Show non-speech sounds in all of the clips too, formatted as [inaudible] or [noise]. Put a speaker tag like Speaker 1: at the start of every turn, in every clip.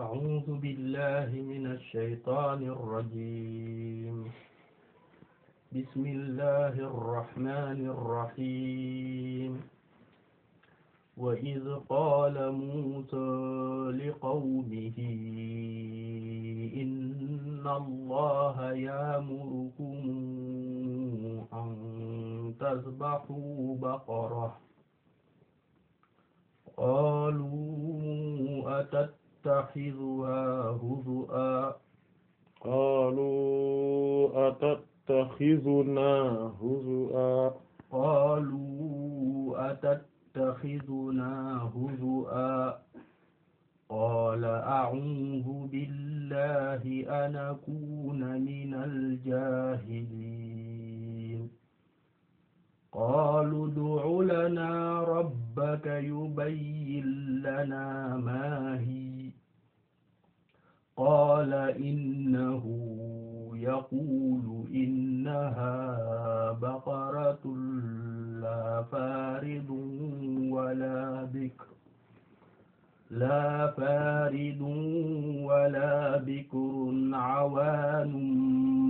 Speaker 1: أعوذ بالله من الشيطان الرجيم بسم الله الرحمن الرحيم وإذ قال موسى لقومه إن الله يأمركم أن تذبحوا بقرة قالوا أتت أتتخذها هزؤا قالوا
Speaker 2: أتتخذنا هزؤا
Speaker 1: قالوا أتتخذنا هزؤا قال أعوذ بالله أن أكون من الجاهلين قالوا ادع لنا ربك يبين لنا ما هي قال إنه يقول إنها بقرة لا فارض ولا بكر لا فارض ولا بكر عوان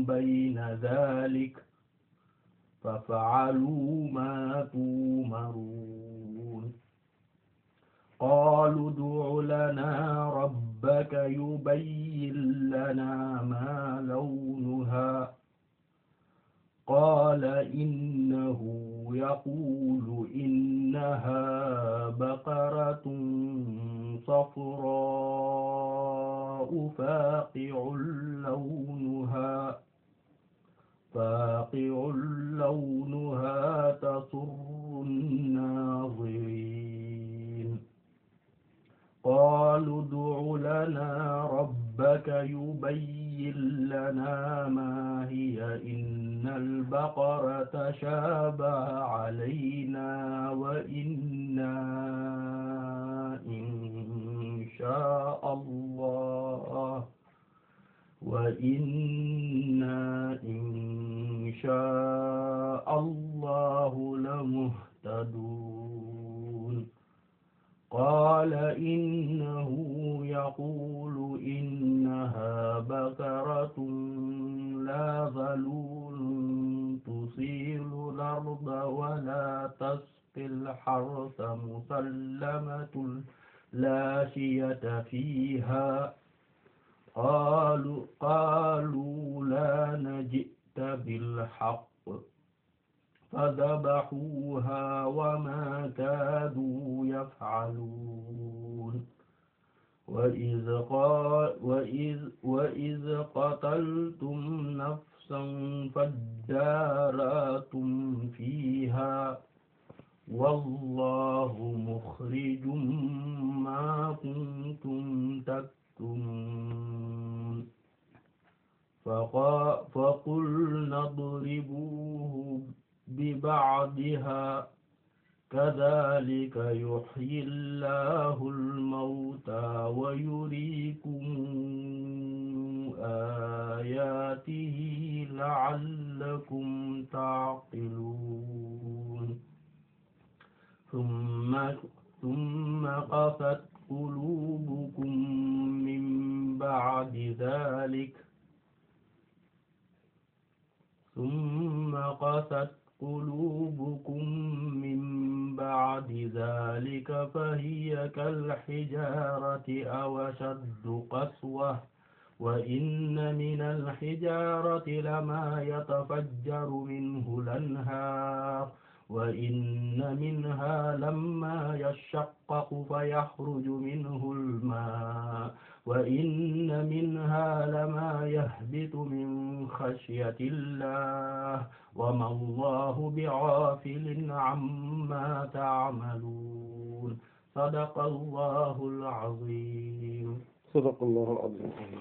Speaker 1: بين ذلك ففعلوا ما تومرون قالوا ادع لنا ربك يبين لنا ما لونها قال إنه يقول إنها بقرة صفراء فاقع لونها فاقع لونها تسر الناظرين قالوا ادع لنا ربك يبين لنا ما هي إن البقرة تشابه علينا وإنا إن شاء الله وإنا إن شاء الله لمهتدون قال إنه يقول إنها بقرة لا ذلول تثير الأرض ولا تسقي الحرث مسلمة لا شية فيها qaalu qaalu laana ji'ta bilhaqq fadabahuuha wa maa kaaduu yaf'aluun wa iz qataltum nafsan faddaara'tum fiihaa wallaahu mukhrijum maa kuntum taktumun تؤمن فقلنا اضربوه ببعضها كذلك يحيي الله الموتى ويريكم آياته لعلكم تعقلون ثم ثم قفت قلوبكم من بعد ذلك ثم قست قلوبكم من بعد ذلك فهي كالحجارة أو أشد قسوة وإن من الحجارة لما يتفجر منه الأنهار وإن منها لما يشقق فيخرج منه الماء وإن منها لما يهبط من خشية الله وما الله بغافل عما تعملون صدق الله العظيم
Speaker 2: صدق الله العظيم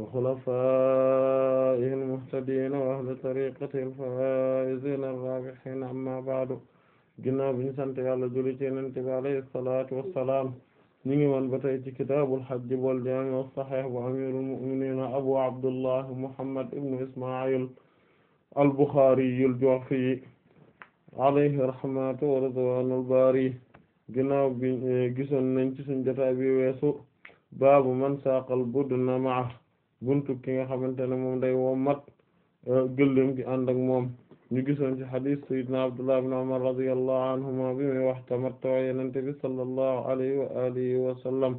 Speaker 2: وخلفائه المهتدين وأهل طريقته الفائزين الرابحين أما بعد ginnaaw bi ñu sant Yàlla julli ci Yonent bi alayhi salaatu wassalaam ñu ngi woon ba tey ci kitaabul hajj wal jaami' as-sahiih bu amiirul mu'miniin Abu Abdullah Muhammad ibn Ismaa'iil al-Bukhaari al-Ju'fi alayhi rahmatu wa ridwaanul baari ginnaaw bi eh, gisoon nañ ci suñu jotaay bi weesu baabu man saaqal budna ma'ahu buntu ki nga xamante ne moom day wommat euh, gëléem gi ànd ak moom ñu gisoon ci hadis sayyidina Abdullah ibn Umar radiyallahu anhuma bi muy wax tamatto yenente bi sallallahu alayhi wa alihi wa sallam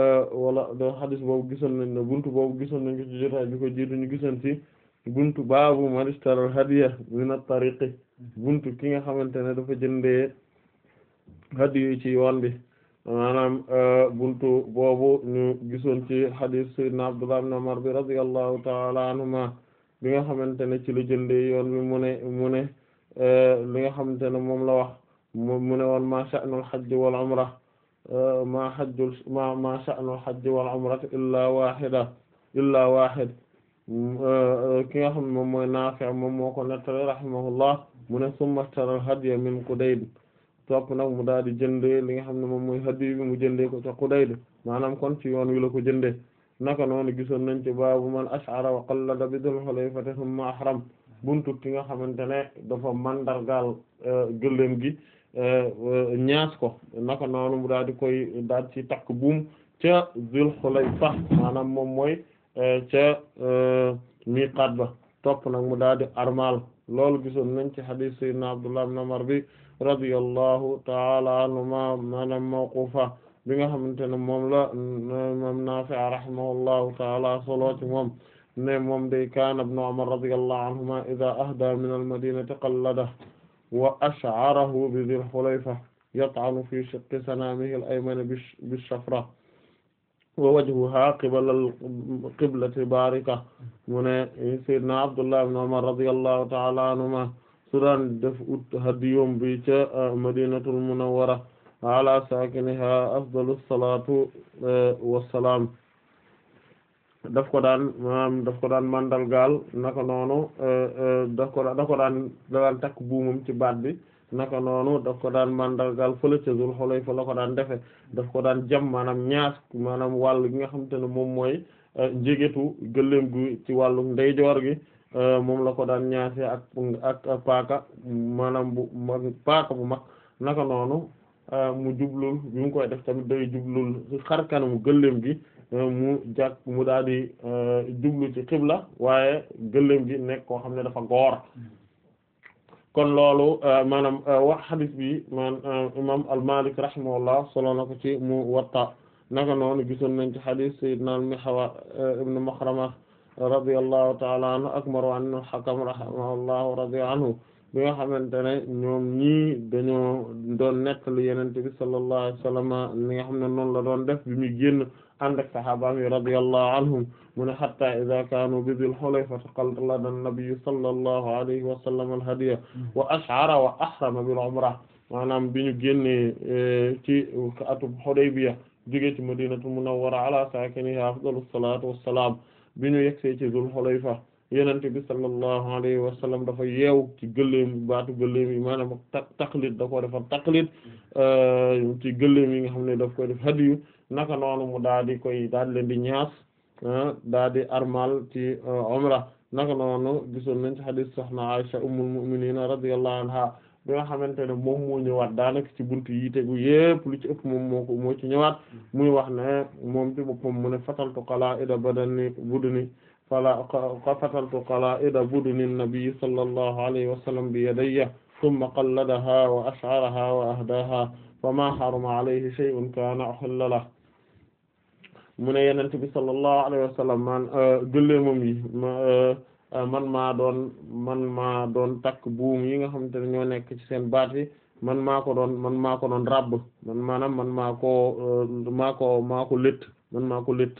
Speaker 2: euh, wala do hadis boobu gisoon nañ ne buntu boobu gisoon nañ ko ci ko jiitu ñu gisoon ci buntu baabu manistaral hadiya min at-tariqi buntu ki nga xamante ne dafa jëndee hadiyu ci yoon bi maanaam euh, buntu boobu ñu gisoon ci hadis sayyidina Abdullah ibn Umar bi radiyallahu ta'ala anhuma bi nga xamante ne ci lu jëndee yoon mi mu ne mu euh, li nga xamante ne moom la wax mu ne woon ma sha'nul xaj wal umra euh, ma hajjul ma ma sha'nul hajji wal umrati illa wahida illa wahid ki nga xam ne moom mooy Naafi' moom moo ko nettali rahimahullah mu ne summa tara al hadiya min Qudayd topp nag mu daal di jëndee li nga xam ne moom mooy hadiyu bi mu jëndee ko ca Qudayl maanaam kon ci yoon wi la ko jëndee naka noonu gisoon nañ ci baabu man ash'ara wa qallada bi Dhul Hulayfa thumma ahram buntu ki nga xamante ne dafa mandargaal euh, gëléem gi euh, ñaas ko naka noonu mu daal di koy daal ci takk buum ca Dhul Hulayfa maanaam moom mooy euh, ca miqaat ba topp nag mu daal di armal loolu gisoon nañ ci hadith sayyidina Abdullah ibn bi radiyallahu ta'ala anhuma maanaam mawqufa bi nga xamante ne moom la imam Naafi' rahimahullahu ta'ala solo ci moom ne moom day kaana ibnu Umar radiyallahu anhuma idha ahda min al-madinati qalladahu wa ash'arahu bi dhil hulayfa yat'anu fi shiqqi sanaamihi al-aymani bi-shafra wa wajhuha qibala al-qiblati baarika mu ne sayyidina Abdullah ibn Umar radiyallahu ta'ala anhuma su daan def ut hadiyom bi ca ah, madinatul munawwara ala sakiniha afdalus salatu eh, wassalaam daf ko daan maanaam daf ko daan mandalgaal naka noonu eh, eh, daf ko da ko daan da daan takk buumam ci baat bi naka noonu daf ko daan mandalgaal fële ca Zul Xulayfa la daan defe def ko daan jam maanaam ñaas maanaam wàll gi nga xamante ne moom mooy njégetu gëléem gu ci wàllu ndeyjoor gi Euh, moom la ko daan ñaase ak ak euh, paaka maanaam bu paaka bu mag naka noonu euh, mu jublul bi mu koy def tamit day jublul xar kanamu gëléem gi mu jàkk mu daal di jublu ci xibla waaye gëléem gi nekk koo xam ne dafa goor kon loolu maanaam wax xadis bi man imam al-Malik rahimahullah solo na ko ci mu watta naka noonu gisoon nañ ci xadis sayyidna al-Mihwa ibn Makhrama radiyallahu taala anhu ak Marwan ibn al-Hakam rahimahullahu radiya anhu bi nga xamante ne ñoom ñii dañoo doon nettali Yonent bi sallallahu alayhi wa sallam li nga xam ne noonu la doon def bi muy génn ànd ak saxaabaam yi radiyallahu anhum mu ne hatta idha kaanu bi Dhil Hulayfa qallada an-nabiyyu sallallahu alayhi wa sallam al-hadiya wa ash'ara wa ahrama bil umrah maanaam bi ñu génnee eh, ci atub Hudaybiya jóge ci Madinatul Munawwara ala saakinihaa afdalu salaatu wassalaam bi ñu yegsee ci Zul Xulayfa yenente bi sallallahu alayhi wa sallam dafa yeew ci gëléem baatu gëléem yi maanaam ta taqlid dafa koo defar taqlid euh, ci gëléem yi nga xam ne daf koy def hadiyu naka noonu mu daal di koy daal di leen di ñaas euh, daal di armal ci euh, ra naka noonu gisoon nañ ci hadith soxna Aisha ummul mu'minin radiyallahu anha bi nga xamante ne moom moo ñëwaat daanaka ci buntu yi tegu yépp lu ci ëpp moo ci ñëwaat muy wax ne moom ci boppam mu ne fataltu qala'ida badani budni budni nabi sallallahu alayhi wa bi yadayya thumma qalladaha wa ash'araha wa ahdaha fa ma alayhi shay'un kana uhilla lah mu ne bi sallallahu alayhi wa sallam man euh, Euh, man maa doon man maa doon takk buum yi nga xamante ne ñoo nekk ci seen baat yi man maa ko doon man maa ko doon ràbb man maanaam man maa koo euh, maa ko maa létt man maa ko létt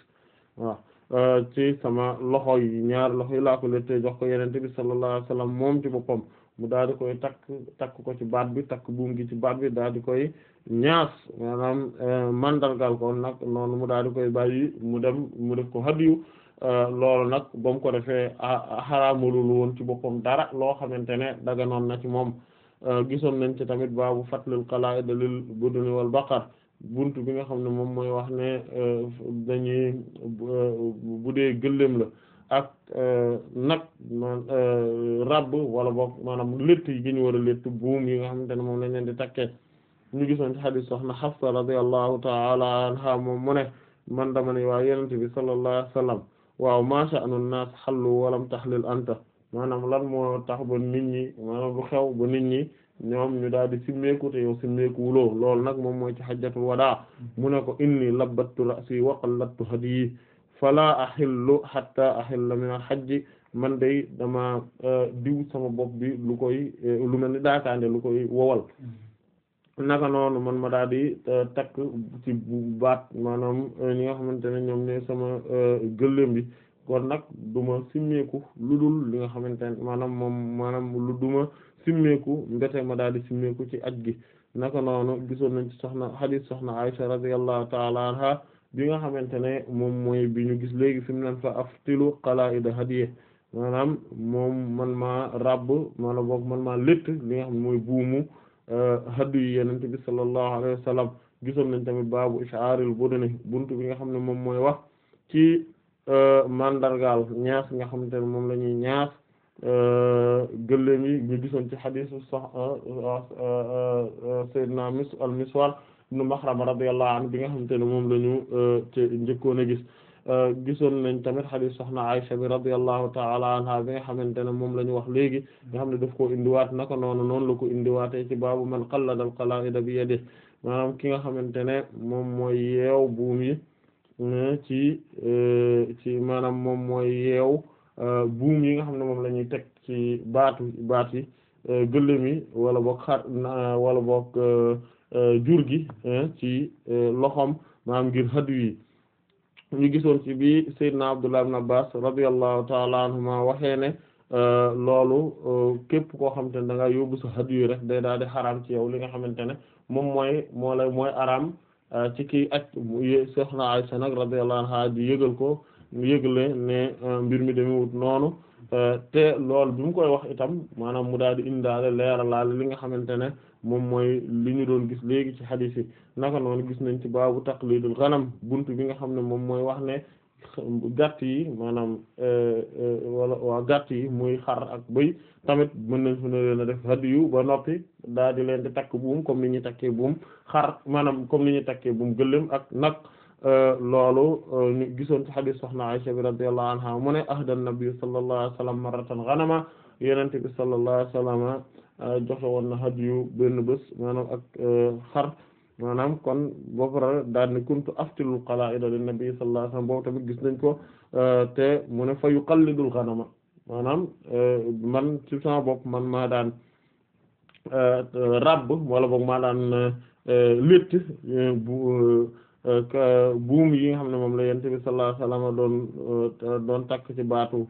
Speaker 2: waaw euh, ci sama loxo yi ñaar loxo yi laa ko léttee jox ko yenente bi sallallahu alayhi wasallam moom ci boppam mu daal di koy takk takk ko ci baat bi takk buum gi ci baat bi daal di koy ñaas maanaam mandargal ko nag noonu mu daal di koy bàyyi mu dem mu def ko hadiyu Euh, loolu nag ba mu ko defee xaraamalul woon ci boppam dara loo xamante ne daganoon na ci moom euh, gisoon nañ ci tamit baabu fatlul qala'id lil buduni wal baqar buntu bi nga xam ne moom mooy wax ne euh, dañuy bu dee gëléem la ak nag rabb wala boog maanaam létt yi gi ñu war a buum yi nga xamante ne moom lañ leen di takkee ñu gisoon ci hadith soxna Hafsa radiyallahu ta'ala anha moom mu ne man dama ne waa yenente bi sallallahu alayhi wasallam waaw maasa anun naas xallu walam taxlil anta maanaam lan moo tax ba nit ñi maanaam lu xew ba nit ñi ñoom ñu daal di simmeeku te yow simmeeku wuloo loolu nag moom mooy ci xajjatul wadaa mu ne ko inni labbattu ra'si wa qallattu hadyi fala ahillu hatta ahilla min al-hajj man day dama eh, diw sama bopp bi lu koy eh, lu mel ni daakaande lu koy wowal naka noonu man ma daal di euh, takk ci baat maanaam euh, ñi nga xamante ne ñoom ñooy sama euh, gëléem bi kon nag duma simmeeku lu dul li nga xamante ne maanaam moom maanaam lu duma simmeeku mbete ma daal di simmeeku ci aj gi naka noonu gisoon nañ ci soxna hadith soxna Aisha radiyallahu ta'ala anha bi nga xamante ne moom mooy bi ñu gis léegi fi mu nan fa aftilu qala'ida hadiye maanaam moom man ma ràbb maanaam boog man ma létt li nga xam mooy buumu Euh, haddu yi yenente bi sallallahu alayhi wa sallam gisoon nañ tamit baabu ishaaril buduni buntu bi nga xam ne moom mooy wax ci euh, mandargaal ñaas nga xamante ne moom la ñuy ñaas euh, gëléem yi ñu gisoon ci xadisu sax naa mis al nu ibn Maxrama radiyallahu anhu bi nga xamante ne moom la ñu ci njëkkoon a gis gisoon nañ tamit hadith soxna Aysa bi radiyallahu ta'ala anha bi nga xamante ne moom la ñu wax léegi nga xam ne daf koo indiwaat naka noonu noonu la ko indiwaatee ci baabu man qallada al-qalaa'ida bi yadihi maanaam ki nga xamante ne moom mooy yeew buum yi eh, ci eh, ci maanaam moom mooy yeew eh, buum yi nga xam ne moom la teg ci baatu baat yi gëléem yi wala boog xar wala boog jur gi ci loxoom maanaam ngir xadu yi ñu gisoon ci bi Seydina Abdullah ibn Abbas radiyallahu ta'ala anhuma waxee ne euh, loolu euh, képp koo xamante ne da nga yóbbu sa hadiyu rek day daal di xaraam ci yow li nga xamante ne moom mooy moo lay mooy araam euh, ci kii ak soxna Aysa nag radiyallahu anha di yëgal ko yëgle ne mbir mi demewut noonu te loolu bi mu koy wax itam maanaam mu daal di indaale leeralaale li nga xamante ne moom mooy li ñu doon gis léegi ci xadiis yi naka noonu gis nañ ci baabu taqlidul ghanam bunt bi nga xam ne moom mooy wax ne gàtt yi maanaam euh, euh, wala waa gàtt yi muy xar ak bëy tamit mën nañ fana leen a def hadiyu ba noppi daa di leen di takk buum comme ni ñuy takkee buum xar maanaam comme ni ñuy takkee buum gëléem ak nag euh, loolu ñu gisoon ci xadiis soxna Aysa bi radiyallahu anha mu ne ahda an-nabi sallallahu alayhi wa sallam marratan ghanama yenente bi sallallahu alayhi wa Euh, joxe woon na hadiyu benn bés maanaam ak euh, xar maanaam kon boo paree daal ne kuntu aftilul qala'ida lin nabi sallallahu alayhi wasallam gis nañ ko euh, te mu ne fa yuqallidul maanaam man ci sama bopp man maa daan rabb wala boog maa daan létt buum yi nga xam ne moom la yonent bi sallallahu alayhi wasallam doon takk ci baatu.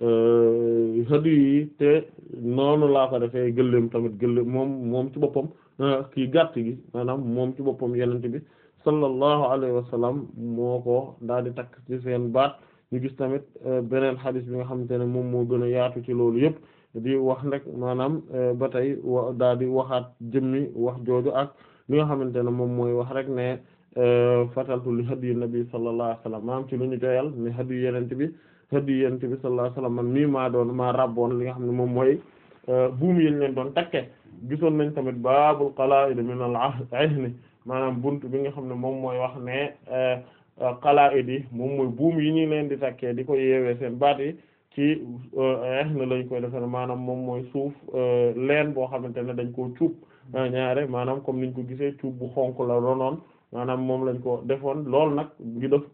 Speaker 2: hadi euh, yi te noonu laa ko defee gëléem tamit gëléem moom moom ci boppam euh, kii gàtt gi maanaam moom ci boppam yenent bi sallallahu alayhi wa sallam moo ko daal di takk ci seen baat ñu gis tamit euh, beneen xadis bi nga xamante ne moom moo gën a yaatu ci loolu yëpp di wax rek maanaam ba tey wa daal di waxaat jëmmi wax jooju ak mi nga xamante ne moom mooy wax rek ne fataltu li hadi nabi sallallahu alayhi wa sallam maanaam ci lu ñu doyal ni hadi yenent bi hadi yonent bi sallallahu alayhi wasallam man maa doon ma rabboon li nga xam ne moom mooy euh, buum yi ñu leen doon takke gisoon nañ tamit baabul qala'id min al-'ihn ah, maanaam bunt bi nga xam ne moom mooy wax ne euh, euh, qala'id yi moom mooy buum yi ñu leen di takkee di ko yeewee seen baat yi ci ihn lañ koy defee maanaam moom mooy suuf leen boo xamante ne dañ koo cuub ñaare maanaam comme niñ ko gisee cuub bu xonk la doon noonu maanaam moom lañ ko defoon loolu nag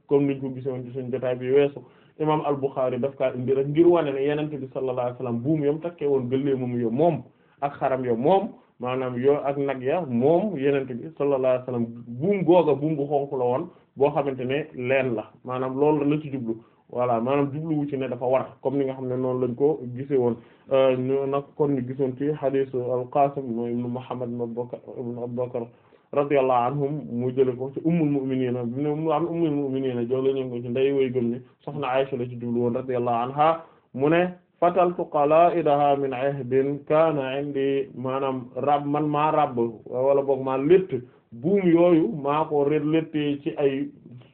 Speaker 2: comme niñ ko gisee woon ci bi weesu imam al-Bukhari daf kaa indi rek ngir wane ne yenente bi sallallahu alayhi wasallam buum yom takkee woon gëllee moom yo moom ak xaram yo moom maanaam yoo ak nag ya moom yenente bi sallallahu alayhi wasallam buum googa buum gu xonq la woon boo xamante ne leen la maanaam loolu la ci jublu voilà maanaam jubluwu ci ne dafa war comme ni nga xam ne noonu lañ ko gisee woon euh, ñu nag kon ñu gisoon ci hadisu al-Qasim ibn Muhammad ibn Abubakar radiyallahu anhum mu jël ko ci ummul mu'minina bi ne mu am ummul mu'minina jole ci nday way ni soxna Aisha la ci jublu woon radiyallahu anha mu ne fataltu qalaidaha min ahdin kana indi maanaam rab man maa rab wala boog maa létt buum yooyu maa ko re léttee ci ay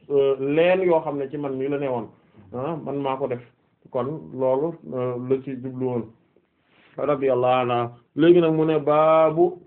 Speaker 2: e, leen yoo xam ne ci man mii la ne woon ah, man maa ko def kon loolu e, la ci jublu radiyallahu anha léegi nag mu ne baabu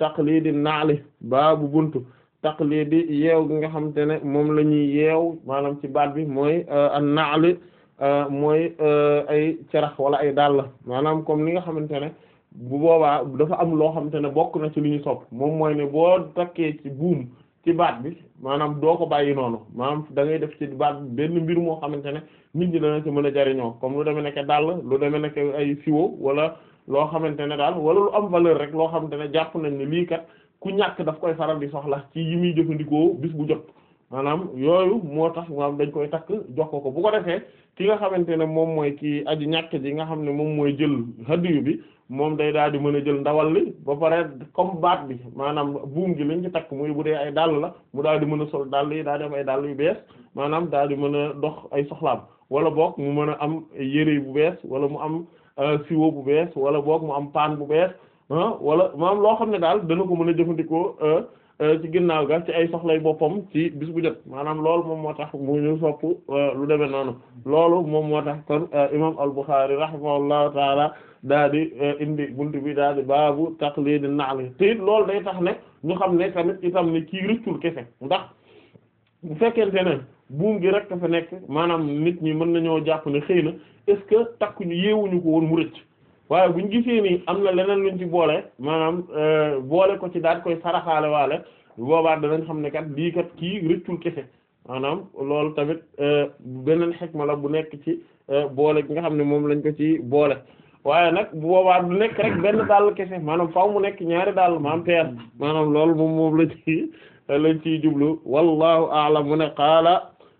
Speaker 2: di naali baabu bunt buntu di yeew gi nga xamante ne moom la ñuy yeew maanaam ci baat bi mooy euh, an naali euh, mooy euh, ay cerax wala ay dàll maanaam comme ni nga xamante ne bu boobaa dafa am loo xamante ne bokk na ci lu ñuy sopp moom mooy ne boo takkee ci buum ci baat bi maanaam doo ko bàyyi noonu maanaam da ngay def ci baat bi benn mbir moo xamante ne nit ñi dana ci mën a jariñoo comme lu demee nekk dàll lu demee nekk ay siwo wala loo xamante ne daal wala lu am valeur rek loo xamante ne jàpp nañ ne lii kat ku ñàkk daf koy faral di soxla ci yi muy jëfandikoo bis bu jot maanaam yooyu moo tax maanaam dañ koy takk jox ko ko bu ko defee ki nga xamante ne moom mooy ki aji ñàkk ji nga xam ne moom mooy jël hadiyu bi moom day daal di mën a jël ndawal li ba pare comme baat bi maanaam buum gi lañ ci takk muy bu dee ay dàll la mu daal di mën a sol daal yi daal di am ay dàll yu bees maanaam daal di mën a dox ay soxlaam wala boog mu mën a am yére bu bees wala mu am Euh, siwo bu bees wala boog mu am paan bu bees ah, wala maam loo xam ne daal dana ko mën a jëfandikoo euh, euh, ci ginnaaw ga ci ay soxlay boppam ci bis bu jot maanaam loolu moom moo tax mu ñu sopp lu demee noonu loolu moom moo tax kon imam al-Bukhari rahimahullahu taala daa di indi buntu bi daa di baabu taqlidi naali te it lool day tax ne ñu xam ne tamit itam ne kii rëccul kese ndax bu fekkente ne buum gi rek fa nekk maanaam nit ñi mën nañoo jàpp ne xëy na est-ce que takkuñu yeewuñu ko woon mu rëcc waaye bu ñu gisee ni am na leneen luñ ci boole maanaam euh, boole ko ci daal koy saraxaale waale da nañ xam ne kat lii kat kii rëccul kefe maanaam loolu tamit euh, beneen xikma la bu nekk ci euh, boole gi nga xam ne moom lañ ko ci boole waaye nag bu boobaa du nekk rek benn dàll kefe maanaam faw mu nekk ñaari dàll maam peer maanaam lool moom moom la ci ciy jublu wallahu mu ne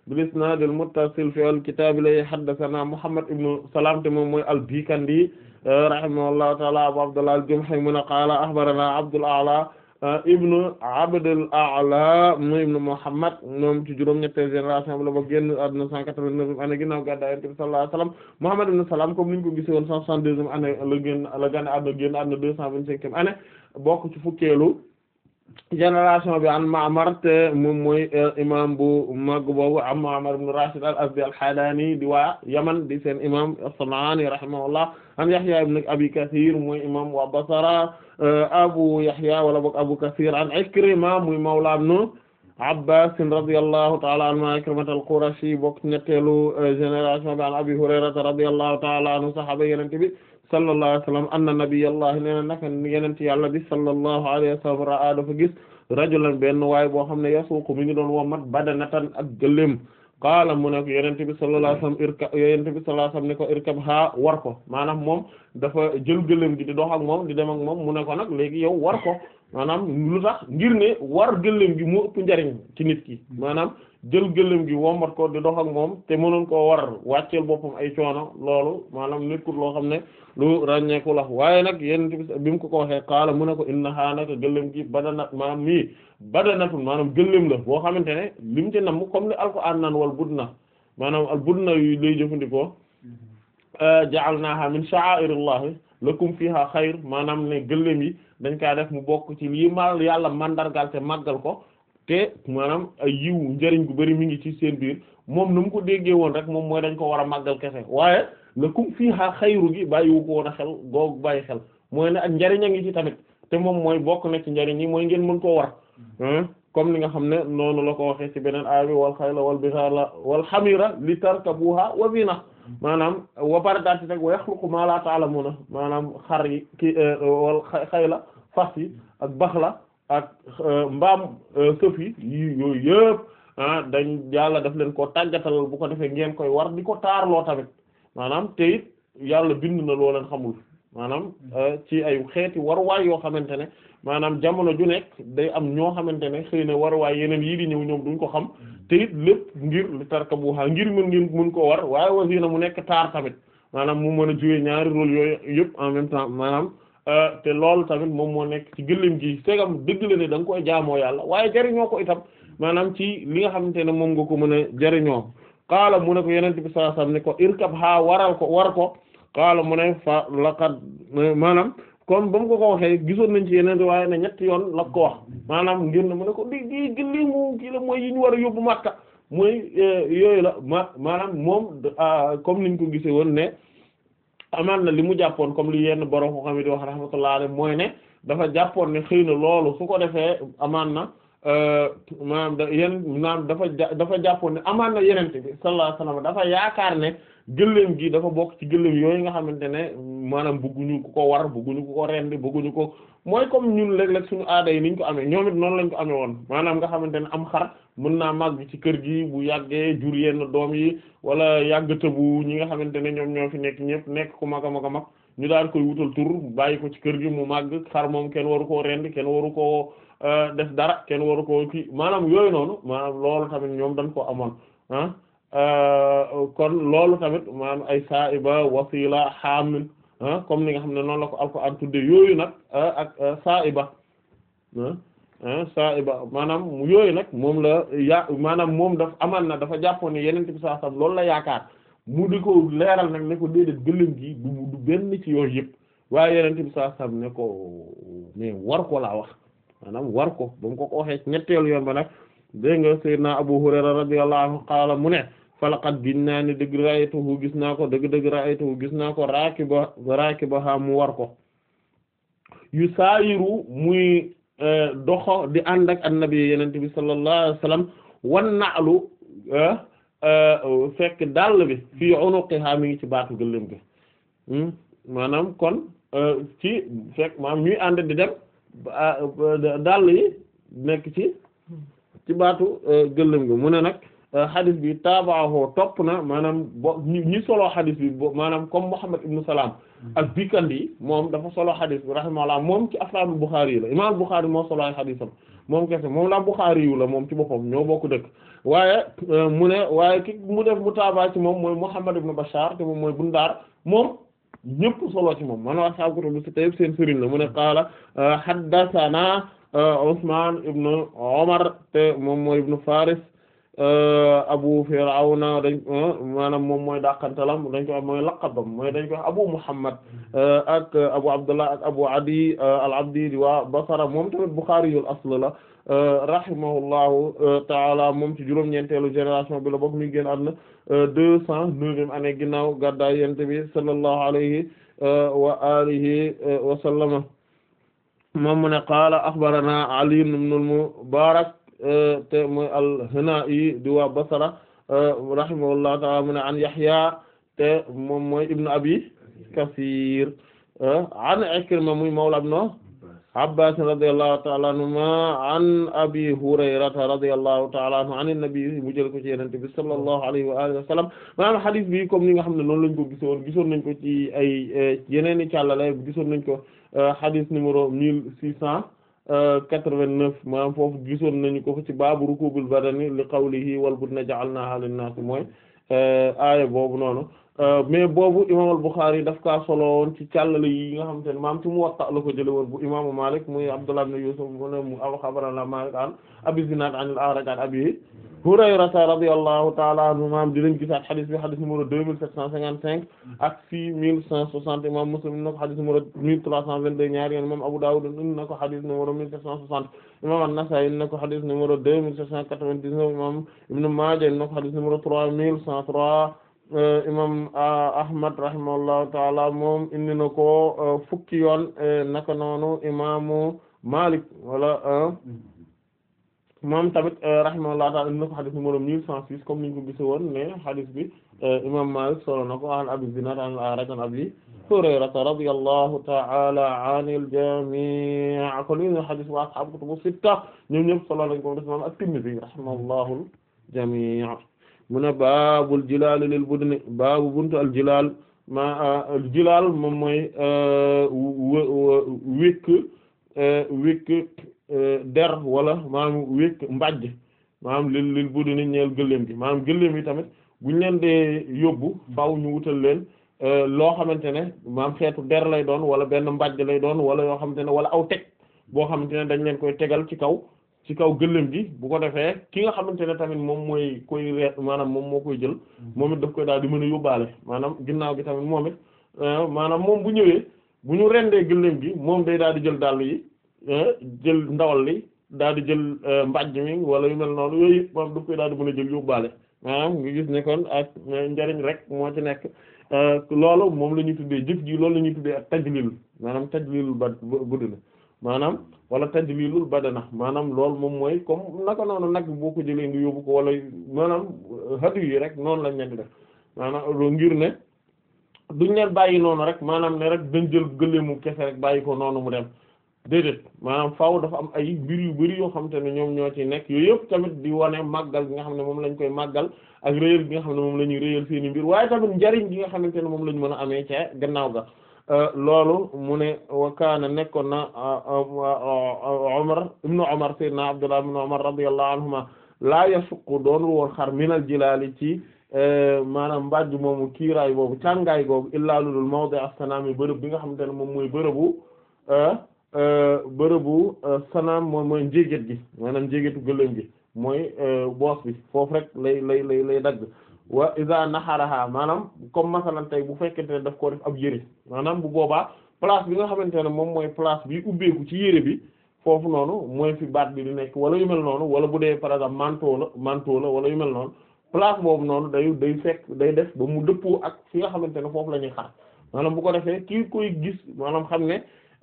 Speaker 2: bil isnaadil muttasil fi al kitaab lay haddathana Muhammad ibnu Salaam te moom mooy al-Bikandi rahimahullahu ta'ala Abu Abdullah al-Jumahi mu akhbarana Abdul A'la ibnu Muhammad moom ci juróom-ñetteelu génération la ba génn àdduna 189 année ginnaaw gàddaay Yonent bi sallallahu alayhi wa sallam Muhammad ibnu Salaam comme ni ñu ko gisee woon la génn la gane àdduna génn àdduna e bokk ci fukkeelu génération bi an Ma'mar te moom mooy euh, imam bu mag boobu am Ma'mar ibn Rashid al-Azdi al-Hadani di waa Yaman di seen imam as-San'ani rahimahullah an Yahya ibn Abi Kathir mooy imam waa Basra euh, Abu Yahya wala boog Abu Kathir an Ikrima muy mawla ibn Abbas radiyallahu ta'ala anhuma Ikrimata al-Qurashi bokk ñetteelu euh, génération bi an Abi Hurayrata radiyallahu ta'ala anhu sahaba yonent bi sallallahu alayhi wa sallam anna nabiyallahi nee na naka yenent yàlla bi sallallahu alayhi wa sallam ra'a dafa gis rajulan benn waay boo xam ne ko mi ngi doon womat badanatan ak gëléem qaala mu ne ko yenente bi sallallahu alayhi wa sallam irkab yenente bi sallallahu alayhi wa ne ko irkab haa war ko maanaam moom dafa jël gëléem gi di dox moom di dem ak moom mu ne ko nag léegi yow war ko maanaam lu tax ngir ne war gëléem gi mu ëpp njariñ ci nit ki maanaam jël gëléem gi wombat ko di dox ak moom te mënoon koo war wàcceel boppam ay coono loolu maanaam nekkul loo xam ne lu ràññeeku la waaye nag yéen bi mu ko ko waxee xaala mu ne ko inna xaanaka gëléem gi badanat maanaam mii badanatun maanaam gëléem la boo xamante ne li mu ci nam comme li alxuraan naan wal budna maanaam al budna yu lay jëfandikoo euh, ja'alnaaha min sha'aa'irillahi lakum fiha xayr maanaam ne gëléem yi dañ kaa def mu bokk ci lii mal yàlla mandargal te ko te maanaam ay yiw njëriñ gu bari mu ngi ci seen biir moom nu mu ko déggee woon rek moom mooy dañ ko war a màggal kese waaye la kum fii xaa xayru gi bàyyiwu ko woon a xel googu bàyyi xel mooy ne ak njëriñ a ngi ci tamit te moom bokk na ci njëriñ yi mooy ngeen mën koo war hmm? comme ni nga xam ne noonu la ko waxee ci beneen aabi wal xayla wal bighala wal hamira li tarkabuha wa zina maanaam wa pare daal ci teg wa yaxluqu ma la ta'lamuna maanaam xar yi ki eh, wal xayla fas yi ak baxla ak euh, mbaam euh, sëf yi yooyu yëpp ah, dañ yàlla def leen koo tàggatalal bu ko defee ngeen koy war di ko taar taarloo tamit maanaam te yàlla bind na loo leen xamul maanaam euh, ci ay xeeti waruwaay yoo xamante ne maanaam jamono ju nekk day am ñoo xamante ne xëy na waruwaay yeneen yii di ñëw ñoom duñ ko xam te it lépp ngir li tarkabuha ngir mën ngeen mën ko war waaye wasi na mu nekk taar tamit maanaam mu mën a jouer ñaari rôle yooyu yëpp en même temps maanaam Euh, te loolu tamit moom moo nekk ci gëléem gi segam dëgg la ne da nga koy jaamoo yàlla waaye jariñoo ko itam maanam ci li nga xamante ne moom nga ko mën a jariñoo qaala mu ne ko yenente bi sallallahu alayhi ne ko irkab haa waral ko war ko qaala mu ne fa laqad maanaam kon ba mu ko ko waxee gisoon nañ ci yeneen waaye ne ñetti yoon la ko wax maanaam ngir ne mu ne ko di di kii la mooy yi war a yóbbu Makka mooy euh, yooyu la ma maanaam moom ah, comme niñ ko gisee woon ne amaan na li mu jàppoon comme li yenn borom ko xam di wax rahmatullah mooy ne dafa jàppoon ne xëy ne loolu su ko defee amaan na euh, maanaam da yéen maanaam dafa dafa jàppoon ne amaan na yeneen bi sallallahu alayhi wasallam dafa yaakaar ne gëléem gi dafa bokk ci gëléem yooyu nga xamante ne maanaam bëgguñu ku ko war bëgguñu ku ko rendi bëgguñu ko mooy comme ñun léeg-léeg suñu aada yi niñ ko amee ñoom it noonu lañ ko amee woon maanaam nga xamante ne am xar mën naa màgg ci kër gi bu yàggee jur yenn doom yi wala yàggata bu ñi nga xamante ne ñoom ñoo fi nekk ñëpp nekk ku mag a mag a mag ñu daan koy wutal tur bàyyi ko ci kër gi mu màgg xar moom kenn waru koo rend kenn waru ko euh, def dara kenn waru koo kii maanaam yooyu noonu maanaam loolu tamit ñoom dañ koo amoon ah, euh, kon loolu tamit maanaam ay saaiba wasila xaamil Ah, comme ni nga xam ne noonu la ko alxuraan tudde yooyu nag ah, ak ah, saa'iba saa'iba maanaam yooyu nag moom la yaa maanaam moom daf amaan na dafa jàppoon ne yeneen bi saa sam loolu la yaakaar mu di ko leeral nag ne ko déedéet gëléem gi du benn ci yooyu yëpp waaye yeneen bi saa sam ne ko mais war ko laa wax maanaam war ko ba mu ko ko waxee ñetteelu yoon ba nag dégg nga Seydina Abu Hurayra radiyallahu anhu qaala mu ne falaqad giñ naa ne dëgg ra'aytuhu gis naa ko dëgg dëgg gis naa ko raakiba raakibaha mu war ko yu saayiru muy eh, dox di ànd ak annabi yenente bi sallallahu alayhi wasallam wan na'lu eh, eh, fekk dàll bi fii unuqiha mi ngi ci baatu gëléem gi hmm? maanaam kon ci fekk maanaam ñuy ànd di dem dàll yi nekk ci ci baatu gëléem gi mu ne nag xadis euh, bi taabaahu topp na maanaam bo ñi solo xadis bi bo maanaam comme Muhammad ibn Salaam ak Bikandi moom dafa solo xadis bi rahimahullah moom ci afraadu Buxaari yi la imaam Buxaari moo solo ay xadisam moom kese moom la Buxaari yu la moom ci boppam ñoo bokk dëkk waaye euh, mu ne waaye ki mu def mu taabaa ci moom mooy Muhammad ibn Bashar te moom mooy Bundaar moom ñëpp solo ci moom man waa saabkoto bi si te yëpp seen sëriñ la mu ne qaala euh, haddathana Usmaan ibn Umar te moom mooy ibn Faris Euh, abu firawna dañ euh, maanaam moom mooy dàqantalam dañ ko mooy laqabam mooy dañ ko abu muhammad euh, ak abu abdullah ak abu adi al abdi di waa basara moom tamit buxaari yul asl la rahimahullahu taala moom ci juróom-ñeenteelu génération bi la mi génn àdduna deux cent neuvième année ginnaaw gàddaay yonent bi sallallahu alayhi wa alihi wa moom mu ne qaala axbarana ali ibn mubarak te mooy al-Hana'i di waa Basra rahimahullahu ta'ala mu ne an Yahya te moom mooy ibnu Abi Kasir an Ikrima muy mawla ibn Abbas radiyallahu ta'ala anhuma an Abi Hurayrata radiyallahu ta'ala anhu an nabi mu jël ko ci Yonent bi sallallahu alayhi wa alihi wa sallam maanaam hadith bi comme ni nga xam ne noonu lañu ko gisoon gisoon nañ ko ci ay eh, yeneen i càllale gisoon nañ ko hadith eh, numéro mille six cent quatre-vingt-neuf maanaam foofu gisoon nañu ko ci baabu rukubul badani li qawlihi wal but na budna ja'alnaha lin-nas mooy euh, aaya boobu noonu Euh, mais boobu imaamul Bukhari daf kaa solo woon ci càllale yi nga xamante ne maam ci Muwatta la ko jëlee woon bu imaamu Malik muy Abdullah ibn Yusuf mu ne mu xabarana Malik an Abi Zinad an al-A'raj Abi Hurayrata radiyallahu ta'ala anhu maam dinañ gisaat xadis bi xadis numéro deux mille sept cent Muslim indi ko xadis numéro mille trois cent vingt deux ñaari yoon imam Abu Dawud indi ko xadis numéro mille sept cent soixante imam An-Nasa'i ko xadis numéro deux mille sept cent quatre vingt Euh, imam ah, Ahmad rahimahullahu taala moom indi na ko euh, fukki yoon euh, naka noonu imaamu Malik wala
Speaker 1: mm-hmm.
Speaker 2: moom tamit rahimahullahu taala indi na ko xadis numéro 1106 comme niñ ko gise woon ne xadis bi imam Malik solo na ko an Abi Zinad an al-A'raj an Abi Hurayrata radiyallahu taala anil jami' kon li na xadis wa ashaabu kutubu sitta ñoom ñëpp solo nañ ko def moom ak Tirmidhi rahimahullahu jami' mu ne baabul jilaal lil budni baabu buntu al jilaal ma jilaal moom mooy euh, wékk euh, wékk euh, der wala maanaam wékk mbàjj maanaam lil lil budni ñeel gëléem gi maanaam gëléem yi tamit buñ leen dee yóbbu faaw ñu wutal leen loo xamante ne maam xeetu der lay doon wala benn mbàjj lay doon wala yoo xamante ne wala aw teg boo xamante ne dañ leen koy tegal ci kaw ci kaw gëléem gi bu ko defee ki nga xamante ne tamit moom mooy koy reer maanaam moom moo koy jël mhm. moom it daf koy daal di mën a yóbbaale maanaam ginnaaw gi tamit moom euh, maanaam moom bu ñëwee bu ñu rendee gëléem gi moom day daal di jël dàll yi euh, jël ndawal li daal di jël euh, mbàjj mi wala yu mel moom daf koy a jël yóbbaale maanaam nga gis ne kon ak njariñ rek moo ci nekk loolu moom la ñuy tuddee jëf ji loolu la ñuy tuddee ak tajlil maanaam tajlil ba budd na maanaam wala tajlilul badana maanaam loolu moom mooy comme naka noonu nag boo ko jëlee nga yóbbu ko wala maanaam hadu yi rek noonu lañ nekk def ngir ne duñ leen bàyyi noonu rek maanaam ne rek dañ jël gëleemu kese rek bàyyi ko noonu mu dem déedéet maanaam faaw dafa am ay mbir yu bari yoo xam te ne ñoom ñoo ci nekk yooyu yëpp tamit di wane màggal gi nga xam ne moom lañ koy màggal ak réyal gi nga xam ne moom la ñuy réyal seeni mbir waaye tamit njariñ gi nga xamante ne moom lañ mën a amee ca gannaaw ga Euh, loolu mu ne wa kaana nekkoon na Umar euh, euh, ibnu Umar sayyidina Abdullah ibnu Umar radiyallahu anhuma laa yasuqu doonul woon xar minal jilaali ci maanaam mbàjj moomu kiiraay boobu càngaay boobu illaa lu dul mawdi as-sanaam bërëb bi nga xamante ne moom mooy bërëbu bërëbu sanaam moom mooy gi maanaam njéegétu gëléem gi mooy boos bi foofu rek lay lay lay lay dagg wa iza naxaraha maanaam comme masalan tey bu fekkente ne daf koo def ab yére maanaam bu boobaa place bi nga xamante ne moom mooy place bi ubbeeku ci yére bi foofu noonu mooy fi baat bi di nekk wala yu mel noonu wala bu dee par exemple manteau la manteau la wala yu mel noonu place boobu noonu day day fekk day def ba mu dëppoo ak fi nga xamante ne foofu la ñuy xar maanaam bu ko defee kii koy gis maanaam xam ne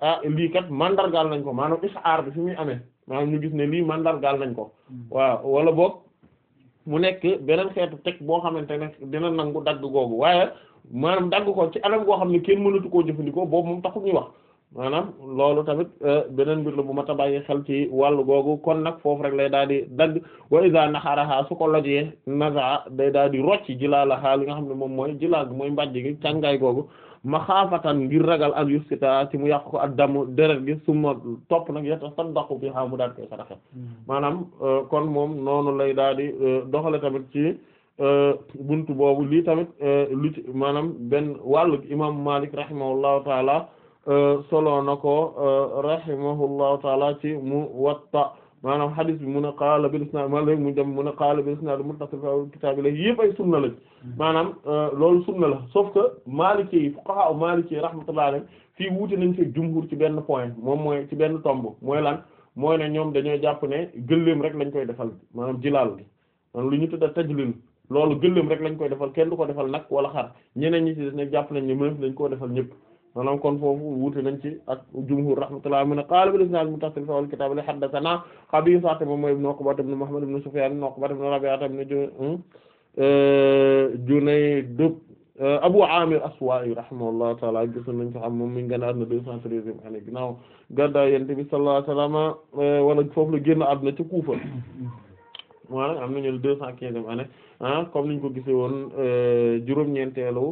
Speaker 2: ah lii kat mandargaal nañ ko maanaam isaar bi fi muy amee maanaam ñu gis ne lii mandargaal nañ ko hmm. waaw wala boog mu nekk beneen xeetu teg boo xamante ne dina nangu dagg googu waaye maanaam dagg ko ci anam goo xam ne kenn mënatu koo jëfandikoo boobu moom taxul ñuy wax maanaam loolu tamit euh, beneen mbir la bu ma tabayyi xel ci wàllu googu kon nag foofu rek lay daal di dagg wa isa naxaraxaa su ko lojee naga day daal di rocc jilaa la xaa li nga xam ne moom mooy jilaa mooy mbàjj gi càngaay googu maxaafatan ngir ragal al yufsita ci mu yàq ko ak damu deret gi suma topp nag yetta saddaqu bi ha mu daal koy saraxe hmm. maanaam euh, kon moom noonu lay daal di euh, doxale tamit ci euh, buntu boobu lii tamit lu ci maanaam benn wàllu imam Malik rahimahullahu taala solo na ko rahimahullahu taala ci mu Muwatta maanaam hadith bi mun a qaala bil isnaad ma léegi mu dem mun a qaala bil isnaad muttasil fi kitaab la yëpp ay sunna lañ hmm. maanaam euh, loolu na la sauf que Maliki yi fuqaha Maliki yi rahmatullah alayhi fii wuute nañ ci jumhur ci benn point moom mooy ci benn tomb mooy lan mooy ne ñoom dañoo jàpp ne gëléem rek lañ koy defal maanaam jilaal gi maanaam lu ñu tudda tajlil loolu gëléem rek lañ koy defal kenn du ko defal nag wala xar ñeneen ñi ci des jàpp nañ ne mënef koo defal ñëpp maanaam kon foofu wuute nañ ci ak jumhur rahmatullah mu ne qaala bil isnaad muttasil fi al-kitaab li haddasanaa Qabiisa moom mooy ibn Uqba ibn Muhammad ibn Sufyaan ibn Uqba ibn Rabi'a ibn hmm? eh, Junayd eh, Abu Aamir Aswa'i rahimahullahu ta'ala gisoon nañ ko xam moom mi ngi gën a àdduna deux cent treizième année ginnaaw gàddaay Yonent bi sallallahu alayhi wa sallam eh, wala foofu la génn àdduna ci Kuufa am nañu le deux cent quinzième année ah comme niñ ko gisee woon juróom-ñeenteelu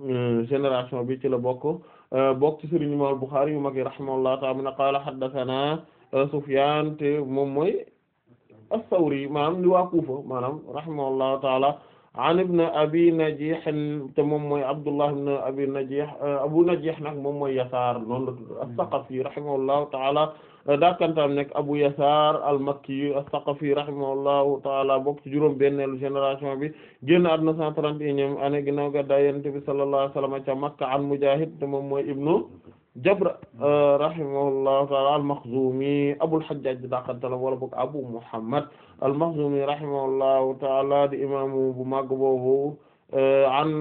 Speaker 2: Euh, génération bi ci la bokk euh, bokk ci sëriñ imam Bukhari yu mag yi rahimahullahu ta'ala mu ne qaala haddathana euh, Sufyan te moom mooy as-Sawri maanaam li waa Kufa maanaam ta'ala an ibn abi najih te moom mooy abdullah ibn abi najih abu najih nag moom mooy yasaar noonu la tudd as-saqafi rahimahullahu taala daakantaam nekk abu yasaar al-makki as-saqafi rahimahullahu taala bokk ci juróom benneelu génération bi génn àdduna cent trente et unième année ginnaaw gàddaay yonent bi sallallahu alayhi wa makka an mujahid te moom mooy ibnu Jabr euh, rahimahullahu ta'ala al-Makhzumi Abul Hajjaj daqantala wala boog Abu Muhammad al-Makhzumi rahimahullahu ta'ala di imaamu bu màgg boobu euh, an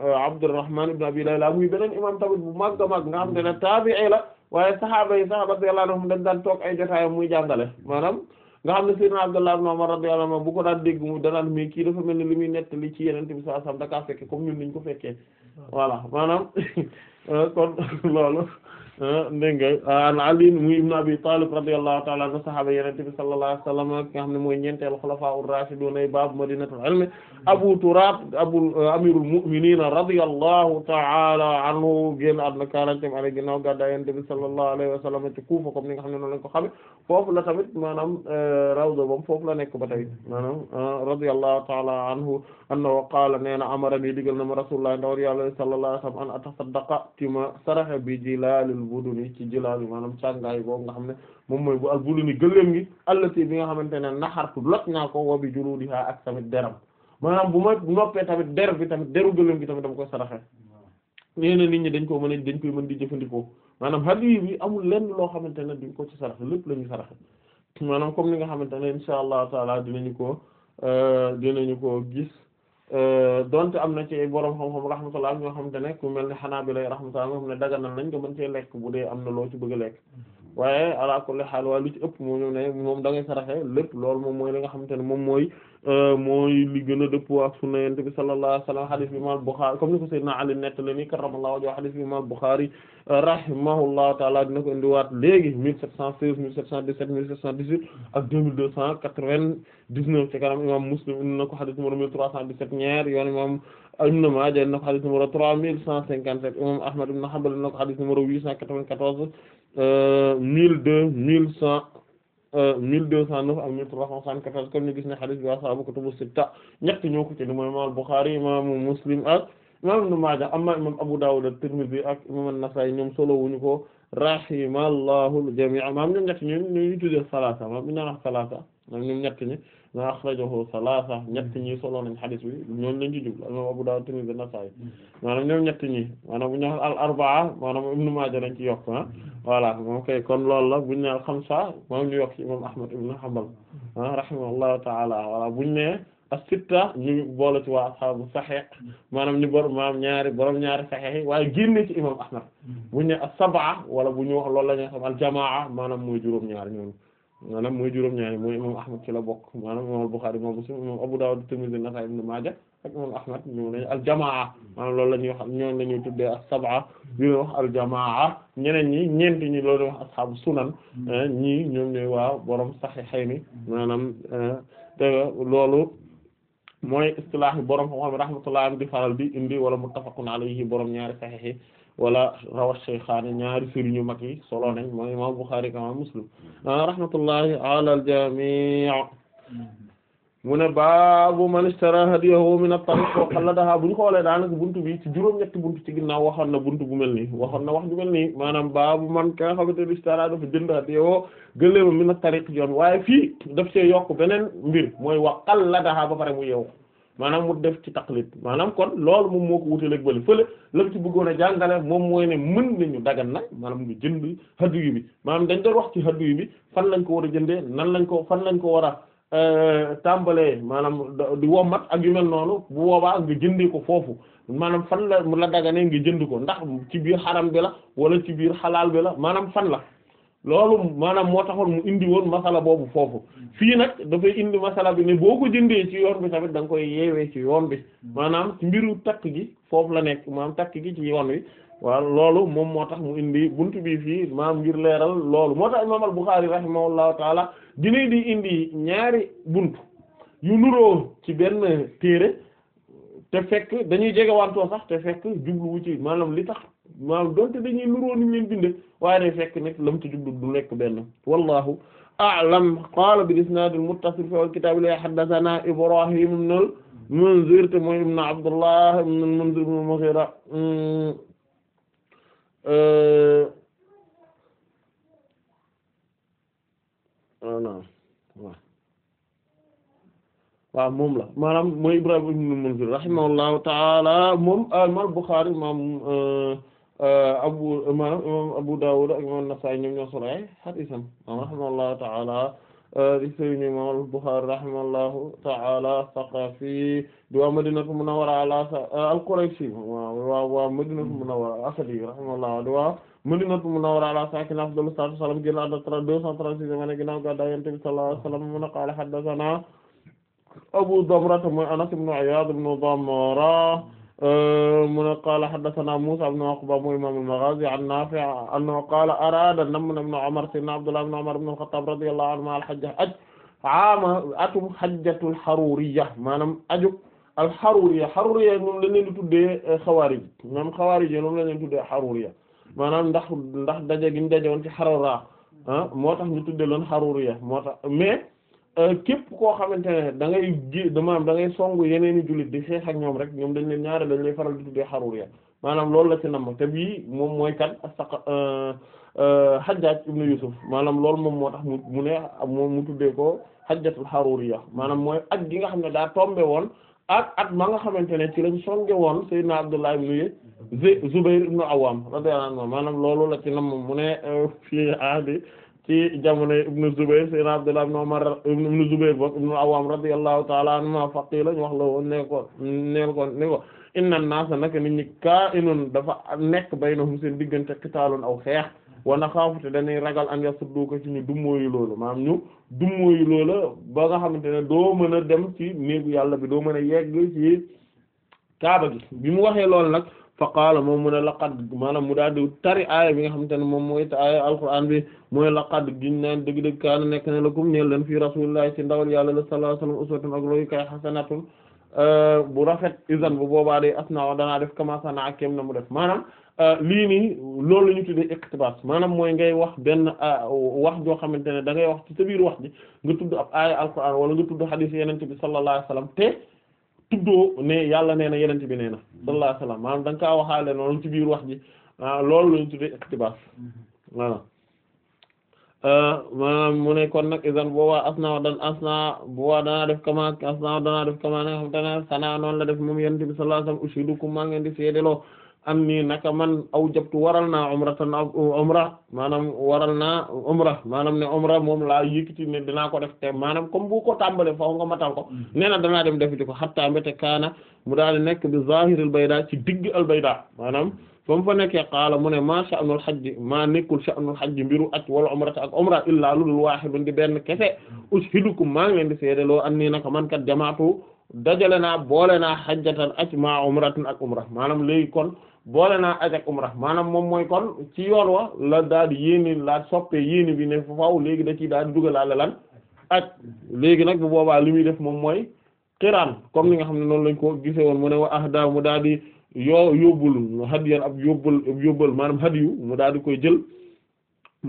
Speaker 2: euh, Abdurrahman ibn Abi Layla muy beneen imaam tamit bu màgg a màgg nga xam te ne taabi'i la waaye saxaaba yi saxaaba radiyallahu anhum dañ daan toog ay jotaayam muy jàngale maanaam nga xam ne Sayyidina Abdullah ibn Umar radiyallahu anhu bu ko daan dégg mu danaan mais kii dafa mel ni li muy nettali ci Yonent bi sallallahu alayhi wasallam da kaa fekke comme ñun niñ ko fekkee voilà maanaam [laughs] kon [laughs] loolu Ah, dégg nga an Ali muy ibn Abi Talib radiyallahu ta'ala anhu sahaaba yenente bi sallallahu alayhi wasallam ki nga xam ne mooy ñeenteelu xulafaa ur-raashidun ay baabu madinatul ilmi Abu Turab abu amirul mu'minin radiyallahu ta'ala anhu génn àdduna quarantième année ginnaaw gàddaay yenente bi sallallahu alayhi wasallam ci Kuufa comme ni nga xam ne noonu lañ ko xame foofu la tamit maanaam eh, rawda bam foofu la nekk ba tey maanaam ah, radiyallahu ta'ala anhu annahu qaala nee na amarani digal na ma rasulullah ndawal yàlla sallallahu alayhi wasallam an atasaddaqa tima saraxe bi jilaal albuduni ci jëlaami maanaam càngaay boobu nga xam ne moom mooy bu albuduni gëléem gi allati bi nga xamante ne naxartu lot naa ko wabi juludiha ak tamit deram maanaam bu ma noppee tamit der bi tamit deru gëléem gi tamit dama koy saraxe nee nit ñi dañ ko mën a dañ koy mën di jëfandikoo maanaam hadiyu bi amul lenn loo xamante ne duñ ko ci saraxe lépp la ñuy saraxe maanaam comme ni nga xamante ne insha allah taala dinañu ko euh, ko gis Euh, donte am na ci ay borom xam-xam rahmatullah ñoo xamante ne ku mel ne Hanaabila rahmatullah ñoo xam ne daganal nañ nga mën cee lekk bu dee am na loo ci bëgg a lekk waaye ala kulli haal waaye lu ci ëpp moom ne moom da ngay saraxe lépp loolu moom mooy li nga xamante ne moom mooy Euh, mooy li gën a dëppoo ak sunna yonent bi sallallahu alayhi wa sallam hadith bi imaam Bukhari comme ni ko Seydina Ali nettali ni karramallahu wajhahu hadith bi imaam Bukhari rahimahullahu ta'ala dina ko indiwaat léegi 1716 1717 1718 ak 2299 ci kanam imaam Muslim indi na ko hadith numéro 1317 ñaar yoon imaam Ibn Maaja indi na ko hadith numéro 3157 imaam Ahmad ibn Hanbal indi na ko hadith numéro 894 1200 mille deux cent neuf ak mille trois cent soixante-quatorze comme ni gis ne hadith bi ashaabu kutubu sitta ñett ñoo ko ci mooy imam Bukhari imam Muslim ak imam Ibn Maaja amma imam Abu Dawud at-Tirmidhi ak imam an-Nasa'i ñoom solo wuñu ko rahimallahu al-jami' maam ñoom ñett ñoom ñuy tuddee salaasa maam ñu naan salaasa maam ñoom ñett ñi wa akhrajahu salaasa ñett ñi solo nañ xadis bi ñoom lañ ci jublu imam Abu Dawud Tirmidhi Nasa'i maanaam ñoom ñett ñi maanaam bu ñu wax al arbaa maanaam Ibn Maaja lañ ci yokk ah voilà moom kay kon loolu la buñ ne al xamsa moom ñu yokk ci imam Ahmad ibn Hanbal ah rahimahullahu ta'ala voilà buñ ne as-sitta ñu boole ci waa ashaabu sahih maanaam ñu bor maanaam ñaari borom ñaari sahih waaye génne ci imam Ahmad buñ ne as-sab'a wala bu ñu wax loolu la ñuy xam al jamaa maanaam mooy juróom-ñaar ñoom maanaam mooy juróom-ñaari mooy imam Ahmad kilo la bokk maanaam imam Bukhari imam Muslim imam Abu Dawud Tirmidhi Nasa'i Ibn Maaja ak imam Ahmad ñoo lañu aljamaa maanaam loolu la ñuy xam ñoom la ñuy tuddee as-sab'a ñu wax aljamaa ñeneen ñi ñeent ñi loolu wax ashaabu sunan eh, ñi ñoom ñooy waa borom sahihayni maanaam eh, loolu mooy istilaahi borom xam-xam rahmatullahi di faral di indi wala muttafaqun alayhi borom ñaari sahih wala rawat shaykhaani ñaari sëriñu mag yi solo nañ mooy imam Bukhari ak imam Muslim mm-hmm. rahmatullahi ala al-jami' mm-hmm. mu ne baabu man ishtara hadiyahu min at-tariq wa qalladaha bu ñu xoolee daanaka buntu bi ci juróom-ñetti buntu ci ginnaaw waxoon na buntu bu mel ni waxoon na wax ju mel nii maanaam baabu man ka nga xamante ni ishtara dafa jënd hadiyoo gëléemam min at-tariq yoon waaye fii daf see yokk beneen mbir mooy wa qalladaha ba pare mu yeewu maanaam mu def ci taqlid maanaam kon loolu moom moo ko wutaleeg bële fële la ci bëggoon a jàngale moom mooy ne mën nañu dagan na maanaam ñu jënd hadiyu bi maanaam dañ doon wax ci hadiyu bi fan lañ ko war a jëndee nan lañ ko fan lañ ko war a euh, tàmbalee maanaam di wommat ak yu mel noonu bu boobaa nga jëndee ko foofu maanaam fan la la daganee nga jënd ko ndax ci biir xaram bi la wala ci biir xalaal bi la maanaam fan la loolu maanaam moo taxoon mu indi woon masala boobu foofu fii nag dafay indi masala bi ne boo ko jëndee ci yoon bi tamit danga koy yeewee ci yoon bi maanaam ci mbiru takk gi foofu la nekk maanaam takk gi ci yoon wi waaw loolu moom moo tax mu indi buntu bi fii maam ngir leeral loolu moo tax imaam al-Bukhari rahimahullahu taala dina di indi ñaari bunt yu nuroo ci benn téere te fekk dañuy jege jegewantoo sax te fekk jubluwu ci maanaam li tax maanaam donte dañuy nuroo ni ñu leen bindee waaye day fekk nit lam ci jublu du nekk benn wallahu a'lam qaala bil isnaad al muttasil fi kitaab la haddathana Ibrahim ibn al Munzir te mooy ibn Abdullah ibn al Munzir ibn al Mughira mm. euh, waaw moom la maanaam mooy Ibrahim ibn al Munzir rahimahullahu ta'ala moom euh, al Bukhari moom Eh, abu maanaam imam Abu Dawud ak imam Nasaa'i ñoom ñoo solo ay hadiisam rahimahullahu ta'ala eh, di sëriñ imam al-Bukhari rahimahullahu ta'ala saqafi di waa Madinatu Munawwara ala eh, al-Qurayshi waaw waaw Madinatu hmm. Munawwara asadi rahimahullahu di waa Madinatu Munawwara ala saakinihaa afdalu salaatu wa salaam génn àdduna 236 ma ne ginnaaw gàddaay Yonent bi sallallahu alayhi wa sallam mu ne qaala haddasanaa Abu Damra mooy Anas ibn Iyaad ibn Damra mu ne qaala haddathana Musa ibn Uqba mu imam al-Maghazi an Nafi' annahu qaala arada nam ibn Umar sayyidina Abdullah ibn Umar ibn al-Khattab radiyallahu anhuma al-hajja aj ama atum hajjatul haruriyya maanaam aju al-haruriyya haruriyya moom lañ leen di tuddee xawaarij eh, moom xawaarij moom lañ leen tuddee haruriyya maanaam ndax ndax daje gi ñu daje woon ci Harura ah, moo tax ñu tuddee loon haruriyya moo tax mais Euh, képp koo xamante ne da ngay ji maanaam da ngay song yeneen i jullit di xeex ak ñoom rek ñoom dañ leen ñaare dañ lay faral di tuddee xarur ya maanaam loolu la ci nam te bii moom mooy kan asaka euh, euh, Hajjaj ibn Yusuf maanaam loolu moom moo tax mu mu ne moom mu tuddee ko hajjatul xaruriya maanaam mooy at gi nga xam ne daa tombe woon ak at nga xamante ne ci lañ songe woon Seydina Abdullah ibn Zubayr ibn Awwam radiyallahu anhu maanaam loolu la aadi ci jamonoy ibnu Zubayr sayyidina Abdullah ibn Umar ibnu Zubayr bokk ibnu Awwam radiyallahu ta'ala anhuma faqila ñu wax la woon ne ko neel ko ne ko inna an-naasa naka nit ñi kaa'inun dafa nekk baynahum seen diggante qitaalun aw xeex wa naxaafute dañuy ragal an yasuddu ko ci ñu dummóoyu loola maanaam ñu dummóoyu loola ba nga xamante ne doo mën a dem ci néegu yàlla bi doo mën a yegg ci kaaba gi bi mu waxee lool nag fa qaala moom mu ne laqad maanaam mu daal di tari aaya bi nga xamante ne moom mooy aaya alquraan bi mooy laqad giñ naan dëgg-dëgg kaana nekk na lakum ñeel leen fii rasulillahi ci ndawal yàlla la sallallahu alayhi wasallam uswatun ak looyu kay xasanatun euh, bu rafet isan bu boobaa day asnaa danaa def kamasana ak kem na mu def maanaam euh, lii nii loolu la ñu tuddee iqtibas maanaam mooy ngay wax benn euh, wax joo xamante ne da ngay wax ci biir wax ji nga tudd ab wala nga tudd xadiis yeneen bi sallallahu alayhi wasallam te tuddoo ne yàlla nee na yenent bi nee na mm-hmm. sallallahu alayhi wasallam maanaam da nga waxaale noonu ci biir wax ji ah, loolu lañu tuddee iqtibaas mm-hmm. voilà ah, maanaam mu ne kon nag isan boobaa asna dan asna boobaa danaa def kama asna danaa def kama ne xam te ne sanaa noonu la def moom yenent bi sallallahu alayhi wasallam ushidukum maa ngeen di seedeloo anni naka man aw jabtu waral naa umratan umra maanaam waral naa umra maanaam ne umra moom laa yëkkati ne dinaa ko def te maanaam comme bu ko tàmbalee faaw nga matal ko mm. nee na danaa dem defiti ko hatta mbéte kaana mu daal di nekk bi zahiril bayda ci digg al bayda maanaam ba mu fa nekkee qaala mu ne ma sha'nul hajj maa nekkul sha'nul hajj mbiru aj wala umrata ak umra illaa lulul waahidun di benn kese ushidukum maa ngi leen di seede loo anni naka man kat jamaatu dajale naa boole naa hajjatan aj maa umratan ak umra maanaam léegi kon boole naa aj ak rax maanaam moom mooy kon ci yoon wa la daal di yéene laa soppe yéene bi ne faaw léegi da ciy daal di dugalaale lan aj léegi nag bu boobaa li muy def moom mooy xiraan comme ni nga xam ne noonu lañ ko gisee woon mu ne wa ahda mu daal di yoo yóbbul hadiyan ab yóbbul ab yóbbal maanaam hadiyu mu daal di koy jël mu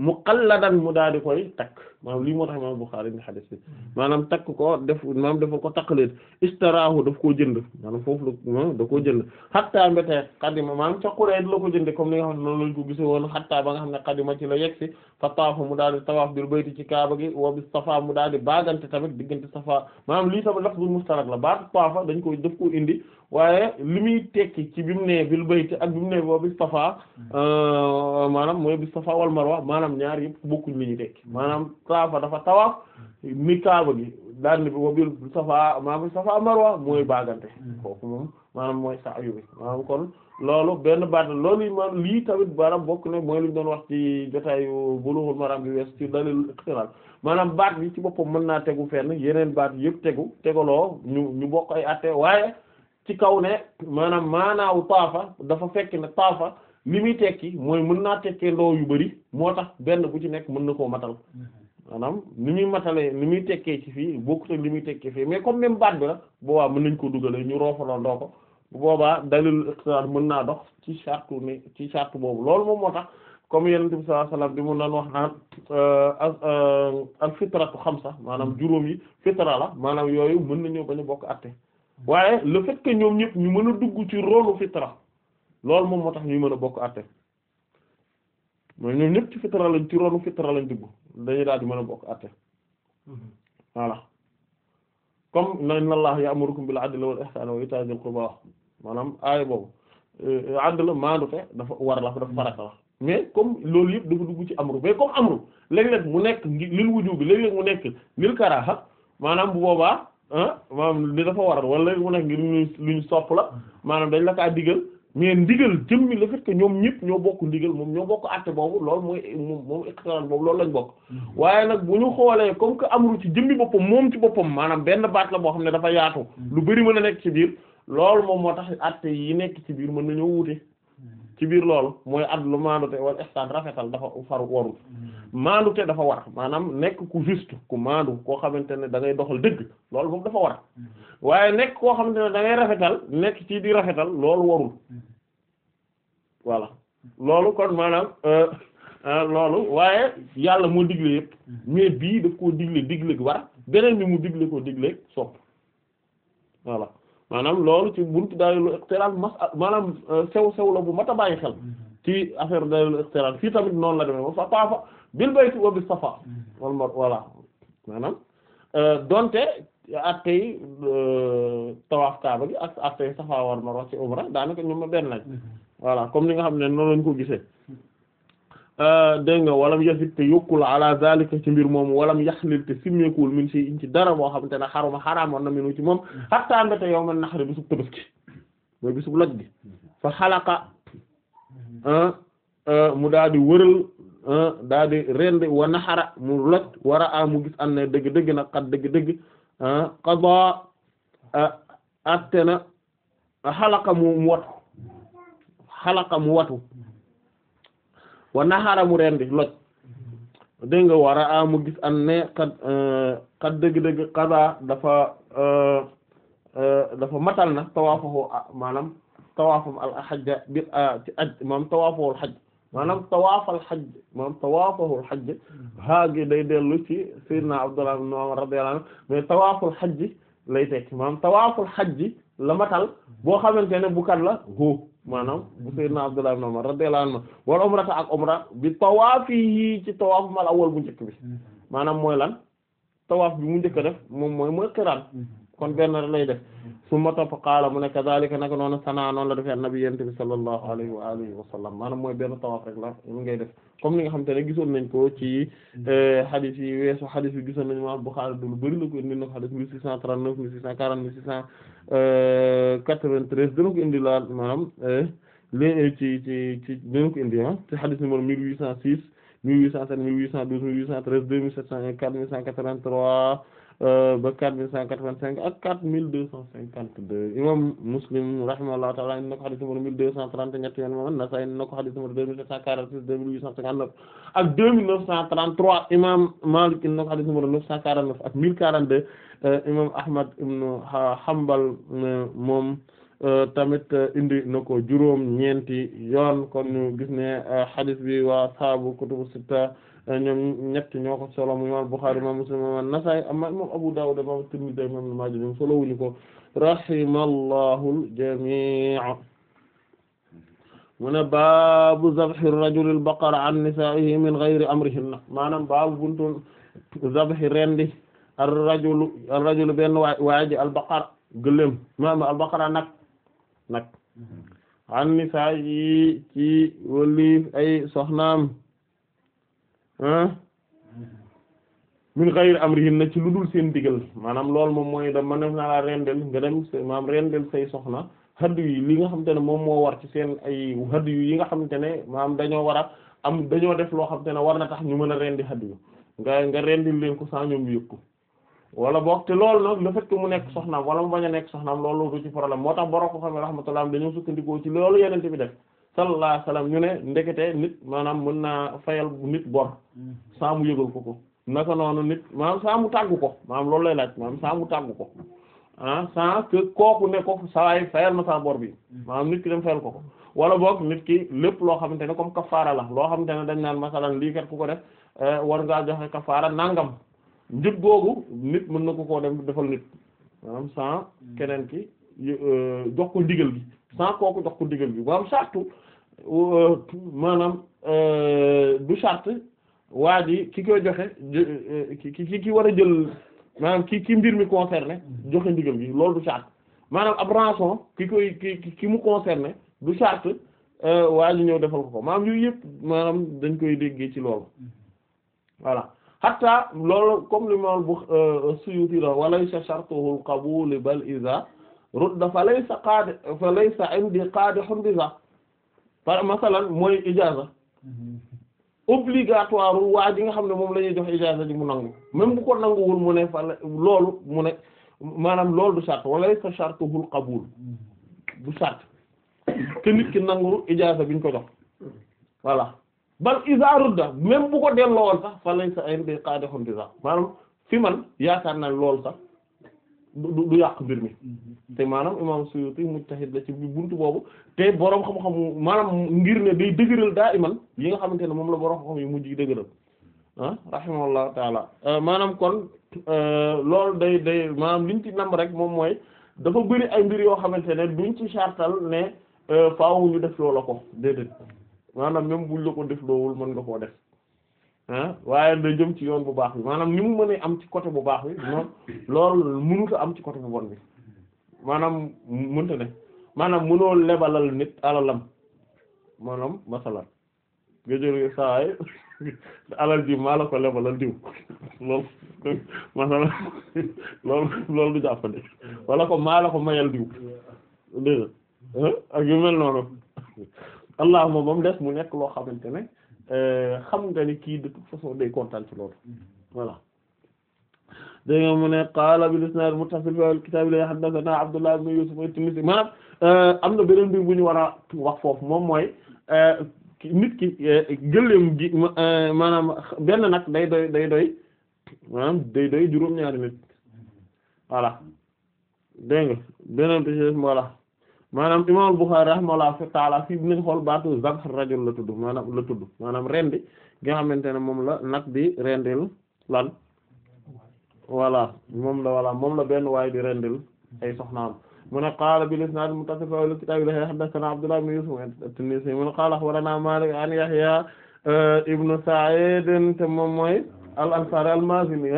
Speaker 2: muqalladan mu daal di koy takk maanaam lii moo tax imaam Buxaari indi xadis bi mm-hmm. maanaam takk ko def maanaam dafa ko takkaleen istaraahu daf koo jënd maanaam foofu la da koo jënd xattaa mbétee xadima maanaam ca Quraysh la ko jënde comme li nga xam ne noonu lañ ko gise woon ba nga xam ne xadima ci la yegsi fa taafa mu daal di tawaaf bil bayti ci kaaba gi wa bi safa mu daal di baagante tamit diggante safa maanaam lii tamit lafzul mustarak la baat taafa dañ koy daf koo indi waaye li muy tekki ci bi mu nee bil bayti ak bi mu nee boobu safa hmm. euh, maanaam mooy bi safa wal marwa maanaam ñaar yëpp bokkuñ li ñuy tekki maanaam safa dafa tawaa hmm. ni kaaba gi daan bi boobu bi safa maanaam mooy hmm. baagante kooku maanaam mooy sa ayu bi maanaam kon loolu benn baat loolu yi maanaam lii tamit baram bokk na mooy li ñu doon wax ci jotaayu Bulughul Maram bi wees ci dalil ikhtilal maanaam baat bi ci boppam mën naa tegu fenn yeneen baat yëpp tegu tegaloo ñu ñu bokk ay atte ci kaw ne maanaam maanaawu taafa dafa fekk ne taafa li muy tekki mooy mën naa tekkee ndoo yu bari moo tax benn bu ci nekk mën na koo matal maanaam ni muy matalee ni muy tekkee ci fii bokkut ak li muy tekkee fii mais comme même baat bi la boobaa mën nañ ko dugale ñu roofaloo ndoo ko boobaa dalil iqtisaad mën naa dox ci sartu ne ci sartu boobu loolu moom moo tax comme yonent bi sallallahu alayhi wasallam bi mun naan wax naan euh, euh, al fitratu xamsa maanaam juróom yi fitra la maanaam yooyu mën nañoo bañ a bokk atte waaye le fait ñoom ñëpp ñu mën a dugg ci rôlu fitra loolu moom moo tax ñu mën a bokk àtte mooy ñoom ñëpp ci fitra lañ ci rôlu fitra di mën a bokk àtte voilà comme na inna allaha ya'murukum bil adli wal ihsani maanaam aaya boobu euh, la dafa war la dafa farata la mais comme loolu yëpp dafa dugg ci amru mais comme amru léeg-léeg mu nekk lil wujubi léeg-léeg mu nekk lil karaaha maanaam bu boobaa Ah, maanaam di dafa waral wala léegi mu nekk ngir ñu sopp la maanaam dañ la kaa digal mais ndigal jëmmi le fait que ñoom ñëpp ñoo bokk ndigal moom ñoo bokk àtte boobu loolu mooy moom iqtiraan boobu lool lañ bokk waaye nag bu ñu xoolee comme que amru ci jëmmi boppam moom ci boppam maanaam benn baat la boo xam ne dafa yaatu lu bari mën a nekk ci biir lool moom moo tax àtte yi nekk ci biir mën nañoo wute ci biir loolu mooy adlu maandute wala ihsaan rafetal dafa faru warul hmm. maandute dafa war maanaam nekk ku juste ku maandu koo xamante ne da ngay doxal dëgg loolu moom dafa war hmm. waaye nekk koo xamante ne da rafetal nekk ci di rafetal loolu warul hmm. voilà loolu kon maanaam euh, euh, loolu waaye yàlla moo digle yëpp mais bii daf koo digle digle gi war beneen mi mu digle koo digle sopp voilà maanaam loolu ci buntu daayilu iqtiraan mas maanaam euh, sew sew la bu mat a bàyyi xel mm-hmm. ci affaire daayilu iqtiraan fii tamit noonu la demee ba fa paafa bil bayti wa bis safa mm-hmm. wal mar voilà maanaam euh, donte attey euh, tawaaf kaaba gi ak attey safa war marwa ci umra daanaka ñoom ma benn lañ mm-hmm. voilà comme ni nga xam ne noonu lañ koo gisee Euh, dégg nga walam yasit te ala zalika ci mbir moom walam yaxlil te simmeekuwul min ci in ci dara moo xam ne xaruma xaraamoon na minu ci moom xattaa mm-hmm. mbéte yow man bisub tabaski mooy bisub loj mm-hmm. fa xalaqa ah, ah, mu daa di wëral ah, daa di rend wa naxara mu loj war a mu gis an na dëgg-dëgg nag xat dëgg-dëgg qada atte na mu watu xalaqa mu watu wa naxaara mu rendi loj dégg nga war a mu gis an ne kat kat euh, dëgg-dëgg xada dafa euh, euh, dafa matal na tawaafahu maanaam tawaafam al xajja bi ci aj maanaam tawaafawul xaj maanaam tawaafal xaj maanaam tawaafawul xaj haagi day dellu ci sayyidina Abdullah ibn Umar radiyallahu anhu mais tawaaful xaj lay tekk maanaam tawaaful xaj la matal boo xamante ne bu kat la hoo maanaam bu sayyidna Abdullah ibn Umar radiyallahu anhu wal umrata ak umra bi tawaaf yi ci tawaaf mal awal bu njëkk bi mm-hmm. maanaam mooy lan tawaaf bi mu njëkk a def moom mooy mooy xiraan mm-hmm. kon benn rek lay def summa topp qaala ne kadhalika naka noonu sanaa noonu la defee annabi yent bi sallallahu alayhi wa alihi wa maanaam mooy benn tawaaf rek la mu def comme ni nga xamante ne gisoon nañ ko ci mm-hmm. euh, hadith yi weesu hadith yi gisoon nañu ma Bukhari du bari la na hadith mille six 93 dina ko indi laal maanaam eh, léegi ci ci ci dina ko indi ah ci xadis numéro 1806 1807 1812 1813 2701 4183 Euh, ba quatre mille cent quatre-vingt-cinq ak quatre mille deux cent cinquante-deux imam Muslim rahimahullahu ta'ala indi na ko hadith numéro mille deux cent trente ñetti yoon imam An-Nasa'i indi na ko hadith numéro deux mille sept ko Ahmad ibn Hanbal moom tamit indi na ko euh, euh, juróom ñeenti yoon kon ñu gis ne hadith bi waa saabu kutubu sitta ñoom ñett ñoo ko solo mu imam Bukhari imam Muslim imam An-Nasa'i amma imam Abu Dawud imam Tirmidhi imam Ibn Maaja ñoom solo wuñu ko rahimallahul jamii' mu ne baabu zabhi rajulil baqara an nisaa'ihi min ghayri amrihinna maanaam baabu buntu zabhi rendi ar rajulu ar rajulu benn waa waaji al baqara gëléem maanaam al ay soxnaam
Speaker 1: min
Speaker 2: ghayri amrihin na ci lu dul seen digal maanaam loolu moom mooy da man def naa laa rendel nga dem maanaam rendel say soxna haddu yi li nga xamante ne moom moo war ci seen ay haddu yi nga xamante ne maanaam dañoo war a am dañoo def loo xamante ne war na tax ñu mën a rendi haddu yi nga nga rendil leen ko sans ñoom bi yëg ko wala boog te loolu nag le mu nekk soxnaam wala mu bañ a nekk soxnaam loolu ci problème moo tax borom ko xam ne rahmatullah dañoo sukkandikoo ci loolu yeneen bi def sallallahu alayhi wasallam ñu ne ndekete nit maanaam mën naa fayal nit bor saa mu yëgal ko ko naka noonu nit maanaam saa mu tàggu ko maanaam loolu lay laaj maanaam saa mu tàggu ko ah sans que kooku ne ko sawaay fayal ma saa bi maanaam nit ki dem fayal ko ko wala boog nit ki lépp loo xamante ne comme kafaara la loo xamante ne dañ naan masalan lii kat ku ko def eh, war ngaa joxe kafaara nàngam njëg googu nit mën na ko koo dem defal nit maanaam sans keneen ki euh, sans kooku jox ko ndigal bi euh, maanaam sartu euh, maanaam du sart waa ji ki koy joxe euh, ki ki ki war a jël maanaam ki ki mbir mi concerné joxe ndigal bi loolu du sart maanaam ab rançon ki koy ki ki mu concerné du sart waa ji ñëw defal ko ko maanaam yooyu yëpp maanaam dañ koy déggee ci loolu voilà hatta loolu comme li ma bu Suyuti la wala sa shartuhu al-qabul bal iza rudda fa laysa qaadi fa laysa indi qaadihun bi za par masalan mooy ijaza mm-hmm. obligatoire waa ji nga xam ne moom lañuy ñuy jox ijaza ji mu nangu même bu ko nanguwul mu ne fa loolu mu ne maanaam lool du charte wala sa chartuhul qabul mm-hmm. du charte te nit ki nangu ijaza biñ ko jox voilà bal iza rudda même bu ko delloo woon sax fa laysa indi qaadihun bi za maanaam fi man yaakaar naa loolu sax du du yàq mbir mi mm-hmm. te maanaam imam Suyuti mujtahid la ci buntu boobu te boroom xam-xamu maanaam ngir ne day dëgëral daa iman yi nga xamante ne moom la boroom xam-xam yi mujj yi dëgëral ah rahimahullahu taala euh, maanaam kon euh, loolu day day maanaam liñ ci nam rek moom mooy dafa bëri ay mbir yoo xamante ne duñ ci sartal ne euh, faaw ñu def loola ko déedéet maanaam même buñ la ko def loowul mën nga koo def Ah, waaye da jëm ci yoon bu baax bi maanaam ni mu mënee am ci côté bu baax bi noonu loolu am ci côté bu bon bi maanaam mënta ne maanaam mënoo lebalal nit alalam maanaam masalan nga jël saay alal ji maa la ko lebalal diw loolu masalan loolu loolu du jàppandi wala ko maa la ko mayal diw dégg ah, ak yu mel noonu allahuma ba mu des mu nekk loo xamante ne Euh, xam nga ni kii de toute façon day kontaan ci loolu mm-hmm. voilà dégg nga mu ne qaala bil isnaad muttasil fil kitaab la euh, am na beneen mbir bu ñu war wax foofu moom mooy euh, nit ki gëléem gi maanaam benn nag day doy day doy maanaam day doy juróom-ñaari nit voilà dégg nga bi ci voilà maanaam imam Bukhari rahimahullahu ta'ala fii bi xool baatu zabh rajul la tudd maanaam la tudd maanaam rendi gi nga xamante ne moom la nag di rendil lan voilà moom la voilà moom la benn waay di rendil ay soxnaam mu ne qaala bil isnaad muttasil fil kitaab Abdullah ibn Yusuf at-Tinnisi mu qaala akhbaranaa Maalik an Yahya eh, ibn Sa'id te moom mooy al-Ansaari al-Maazini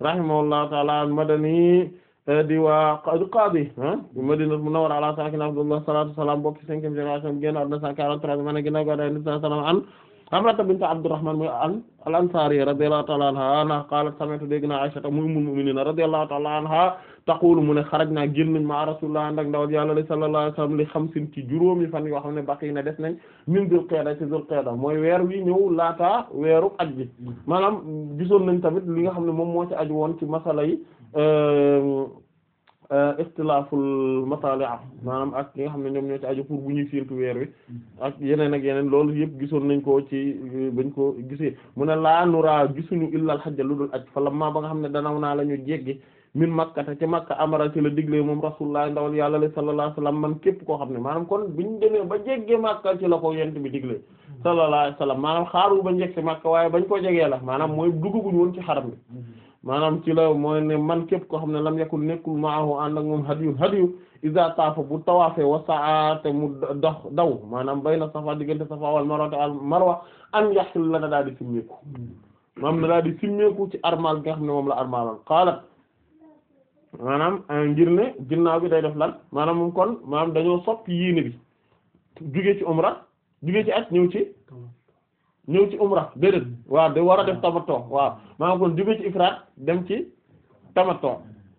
Speaker 2: rahimahullahu ta'ala al-Madani di waa qaadi ah, Madina Munawwara ala saakina Abdullah salaatu salaam bokk ci cinquième génération génn àdduna cent quarante-trois ma ne ginnaaw gàddaay Yonent bi sallallahu alayhi wa sallam an Amrata bint Abdurrahman mooy an al-Ansaariya radiyallahu ta'ala anha qaalat sami'tu dégg naa Aysata muy ummul mu'miniina radiyallahu ta'ala anha taqulu mu ne xarajnaa génn nañ ma Rasulullah ànd ak ndawal Yàlla sallallahu alayhi wa sallam li xamsin ci juróomi fan yoo xam ne baqi na des nañ min Dul Qa'da ci Dul Qa'da mooy weer wi ñëw laata weeru aj bi mm. maanaam gisoon nañ tamit li nga xam ne moom moo ci aju woon ci masala yi Ehm, eh, ikhtilaaful matali'a maanaam ak li nga xam ne ñoom ñoo ci aju pour bu ñuy séentu weer wi ak yeneen ak yeneen lool yëpp gisoon nañ ko ci eh, bañ ko gisee mu ne laa nuraa gisuñu illal xajja lu dul aj fa lamma ba nga xam ne danaw naa la ñu jéggi min makka te ci makka amara ci la digle moom rasulullah ndawal yàlla la sallallahu alayhi wasallam man képp koo xam ne maanaam kon buñ demee ba jéggee makka ci la ko yent bi digle sallallahu alayhi wasallam maanaam xaaru ba njëkk makka waaye bañ ko jegee la maanaam mooy dugguguñ ci xaram bi maanaam ci la mooy ne man képp ko xam ne lam yakul nekkul maahu ànd ak moom hadiyun hadiyu iza taafa bu tawaa tawaafee wa sa'ata mu dox daw maanaam bayna safa diggante safa wal marwa al marwa an yaxil la na daa di simmeeku maanaam na daa di simmeeku ci armal bi nga xam ne moom la armalal xaalat maanaam euh, ngir ne ginnaaw bi day def lan maanaam moom kon maanaam dañoo sopp yéene bi jugee ci umra jugee ci at ñëw ci ñëw ci umra déedéet mm. waa da war a def ah. tamattu waaw maanaam kon jóge ci ifraat dem ci tamattu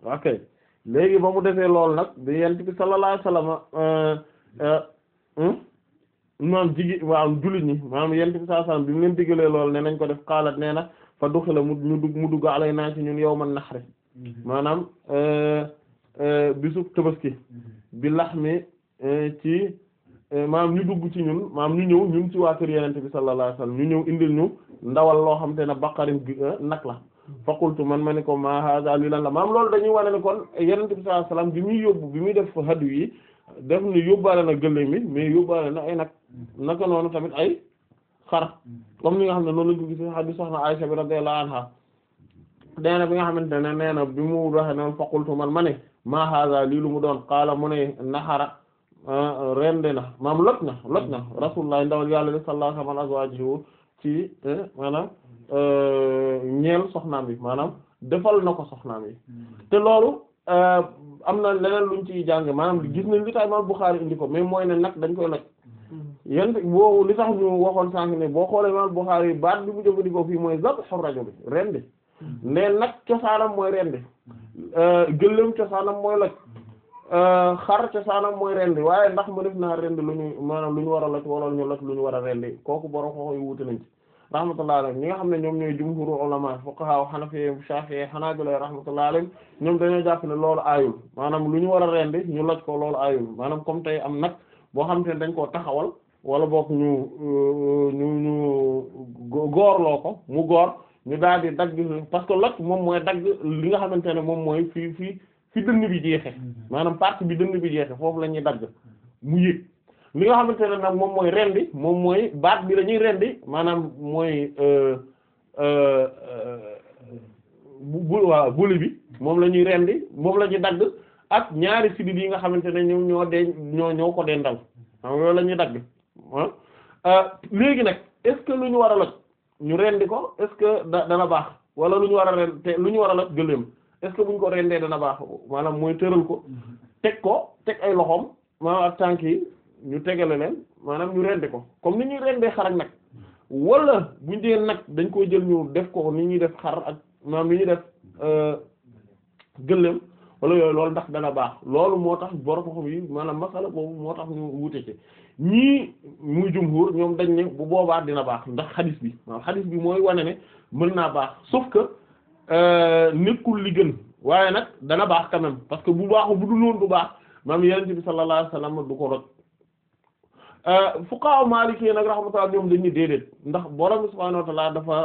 Speaker 2: ok léegi ba mu defee loolu nag bi yent bi sallallahu alayhi wasallam euh, euh, hmm? ñi maanaam yent bi bi mu leen digalee lool ne nañ ko def xaalat nee nag fa duxila mu dugg mu dugg alay naa ci ñun yawman naxri mm-hmm. maanaam euh, bisu tabaski
Speaker 1: mm-hmm.
Speaker 2: bi lax mi ci Euh, maam ñu dugg ci ñun maam ñu ñëw ñun ci waa kër yenente bi sallallahu alayhi wasallam ñu ñëw indil ñu ndawal loo xam te ne baqarin gi euh, nag la faqultu man ma ne ko ma hada li lan la maam loolu dañuy wane ne kon yenente bi sallallahu alayhi wasallam bi muy yóbbu bi muy def hadu yi na gëléem mi mais ay nag naka noonu tamit ay xar comme ni nga xam ne noonu lañ ko gisee hadu soxna Aysa bi radiyallahu anha nee na bi nga xamante ne nee na bi mu waxee noonu faqultu man ma ne ma hada lu mu doon qaala mu ne naxara Ah, rende na maam lot na lot na rasulullah ndawal yàlla li sallallahu alayhi wa sallam azwaajihi ci eh, maanaam eh, ñeel soxnaam yi maanaam defal na ko soxnaam yi hmm. te loolu eh, am na leneen luñ ciy jàng maanaam gis nañ li tax imaam Buxaari indi ko mais mooy ne nag dañ koy loj hmm. yéen boo li tax ñu waxoon sànq ne boo xoolee imaam Buxaari baat li mu jëfandikoo fii mooy rajo bi rendi mais hmm. nag cosaanam mooy rendi gëléem cosaanam mooy loj Euh, xar cosaanam mooy rendi waaye ndax ma def naa rendi lu ñu maanaam lu ñu war a loj wala ñu loj lu ñu war a rendi kooku borom xooxoy wuute ci rahmatullahi alayhim ñi nga xam ne ñoom ñooy jumhuru ulama fuqaha hanafi shafi'i hanabila rahmatullahi alayhim ñoom dañoo jàpp ne loolu aayul maanaam lu ñu war a rendi ñu loj ko loolu aayul maanaam comme tey am nag boo xam te ne dañ koo taxawal wala boog ñu euh, ñu ñu góorloo ko mu góor ñu daal di dagg parce que loj moom mooy dagg li nga xamante ne moom mooy fii fii fi dënn bi jeexe mm-hmm. maanaam partie bi dënn bi jeexe foofu la ñuy dagg mu yëg li nga xamante ne nag moom mooy rendi moom mooy baat bi lañuy ñuy rendi maanaam mooy euh, euh, euh, bu waaw buli bi moom la ñuy rendi moom la ñuy dagg ak ñaari sidit yi nga xamante ne ñoom ñoo dee ñoo ñoo ko dendal xam loolu la ñuy dagg ah léegi nag est lu ñu war a loj ñu rendi ko est-ce que da dana baax wala lu ñu war a rendi te lu ñu war a loj gëléem est-ce bu buñ ko rendee dana baax maanaam mooy tëral ko teg ko teg ay loxoom maanaam ak tànk yi ñu tegale leen maanaam ñu reende ko comme ni ñuy rendee xar ak nag wala buñ dee nag dañ koy jël ñu def ko ni ñuy def xar ak maanaam ni ñuy def euh, gëléem wala yooyu loolu ndax dana baax loolu moo tax borom xam yi maanaam masala boobu moo tax ñu wute ci ñii muy jumhur ñoom dañ ne bu boobaa dina baax ndax xadis bi maanaam xadis bi mooy wane ne mën naa baax sauf Euh, nekkul li gën waaye nag dana baax quand parce que bu baaxul bu dul woon du baax maam yonent bi sallallahu alayhi wasallam du ko rot euh, fuqaha maliki nag rahmatullah ñoom dañuy déedéet ndax borom subhanahu wa ta'ala dafa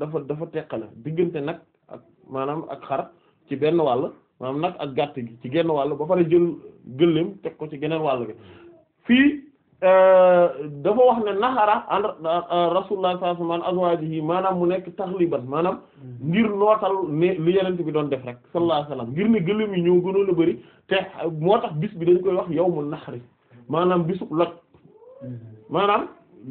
Speaker 2: dafa dafa teqale diggante nag ak maanaam ak xar ci benn wàll maam nag ak gàtt gi ci genn wàll ba pare jël gëléem teg ko ci geneen wàll gi fii Euh, dafa wax ne naxara an rasulullah sallallahu alayhi wasallam maanaam mu nekk taxliban maanaam ngir nootal ne li yenent bi doon def rek sallallahu alayhi wasallam ngir ne gëléem yi ñëw gënoon a bëri te moo tax bis bi dañ koy wax yow yawmun naxri maanaam bisub loj maanaam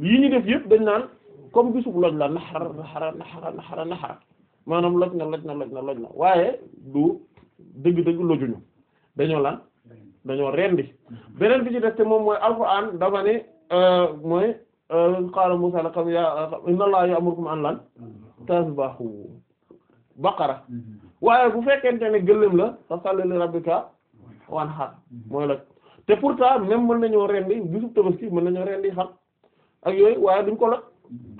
Speaker 2: yi ñu def yëpp dañ naan comme bisub loj la naxara naxara naxara naxara maanaam loj na loj na loj na loj na waaye du dëgg-dëgg lojuñu dañoo lan dañoo rendi mhm. beneen bi ci def te moom mooy alquran dafa ne euh, mooy euh, qaala Muusaa lakum yaa inna Allaha ya'murukum an lan tasbahu baqara mhm. waaye ne gëléem la fasalli li rabbika wanhar mhm. mooy la te pourtant même mën nañoo rendi bisub Tabaski mën nañoo rendi xar ak yooyu waaye duñ ko la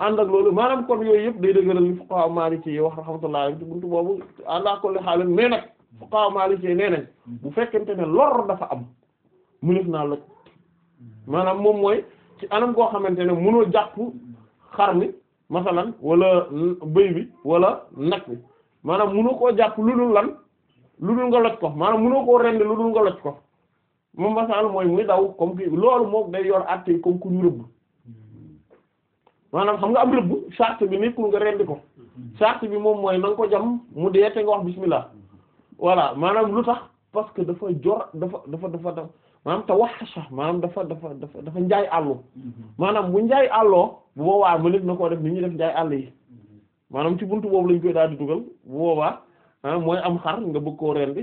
Speaker 2: ànd ak loolu maanaam kon yooyu yëpp day dëgëral li fuqaha Maliki yi wax rahmatullahi buntu boobu àndaa ko li xaalis mais nag fuqaha maliki nee nañ bu fekkente ne lor dafa am munif naa loj maanaam moom mooy ci anam koo xamante ne mënoo jàpp xar mi masalan wala bëy bi wala nag bi maanaam mënoo koo jàpp lu dul lan lu dul nga loj ko maanaam mënoo koo rend lu dul nga loj ko moom masalan mooy muy daw comme ki loolu moom day yor àtte yi comme ku rëbb maanaam xam nga am rëbb charte bi nekkul nga rendi ko charte bi moom mooy na ko jam mu dee te nga wax bismillah voilà maanaam lu tax parce que dafa jor dafa dafa dafa dafa maanaam te wax sax maanaam dafa dafa dafa dafa njaay àllu mhm. maanaam bu njaay àlloo bu boobaa mënees na koo def ni ñuy def njaay àll yi mhm. maanaam ci buntu boobu lañ koy daal di dugal bu boobaa ah, mooy am xar nga bëgg koo rendi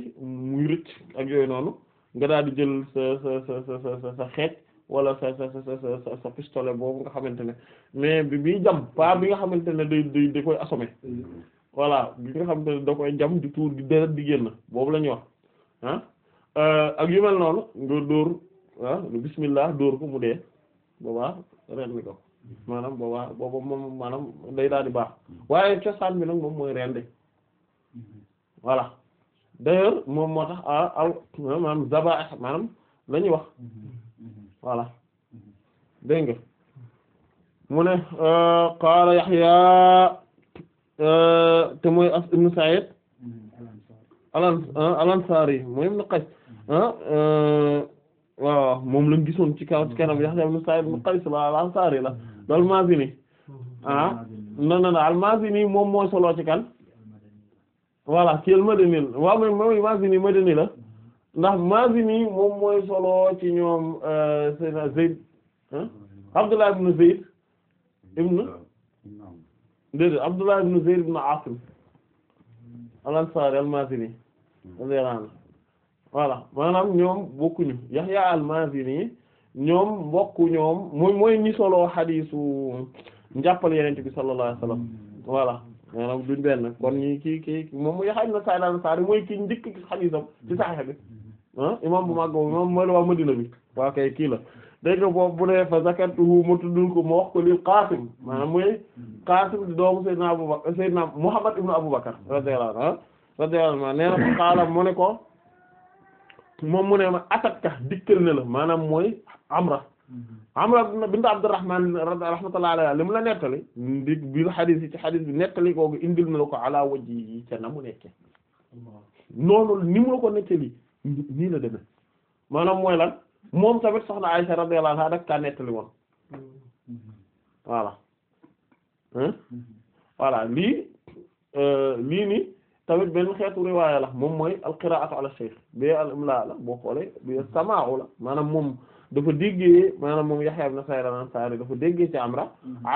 Speaker 2: muy rëcc ak yooyu noonu nga daal di jël sa sa sa sa sa sa xeec wala sa sa sa sa pistolet boobu nga xamante ne mais bi bii jam pa bi nga xamante ne day day da koy assommer mhm. voilà bi nga xam ne da koy jam di tuur di deret di génn boobu la ñuy wax ah euh, ak yu mel noonu nga dóor ah bismillah dóor ko mu dee boobaa rendi ko maanaam boobaa booba moom day daal di baax waaye cosaan bi nag moom mooy rendi voilà d'ailleurs moom moo tax a ah, aw maanaam zaba la ñuy wax voilà dégg mu ne euh, qaala Yahya Euh, te mooy as ibn mm-hmm. al-Ansari mooy ibn Qays mm-hmm. euh, waaw moom lañ gisoon ci kaw ci kanam Yahya ibn Sa'id ibn Qays la al-Ansari la dal mm-hmm. Mazini ah non non al-Mazini moom mooy solo ci kan voilà ci al-Madani la waaw mooy Mazini Madani la ndax Mazini moom mooy solo ci ñoom euh, Zayd Abdullah ibn Zayd ibn déedéet Abdullah ibn Zayd ibn Asim al-Ansari al-Mazini radiyallahu voilà maanaam ñoom bokkuñu Yahya al-Mazini ñoom mbokk ñoom mooy mooy ñi solo xadiisu njàppal yenente bi sallallahu alayhi wasallam voilà maanaam duñ benn kon ñi kii kii moom mu Yahya ibn Sa'id al-Ansari mooy ki njëkk ci ci Sahih bi ah, imam bu mag boobu moom mooy Madina bi waa kay dégg nga bu ne fa zakartuhu ma tuddul ko ma wax ko lil Qaasim maanaam mooy Qaasim di doomu Seydina Muhammad ibnu Abu Bakr radiyallahu anhu radiyallahu anhu nee na ko xaalam mu ne ko moom mu ne ma atakka dikkal la maanaam mooy Amra Amra bint Abdurrahman rahmatullahi alayha li mu la nettali ndig biir xadis bi nettali koogu indil na ko ala wajji yi ca na mu nekke noonu ni mu ko nettali nii la deme maanaam mooy lan moom tamit soxna Aysa radiyallahu anha daf kaa nettali woon voilà voilà lii euh, lii nii tamit benn xeetu riwaaya la moom mooy alqiraatu ala shaykh bi al imla la boo xoolee bi samaa'u la maanaam moom dafa déggee maanaam moom Yahya ibn Sa'id al-Ansari dafa déggee ci Amra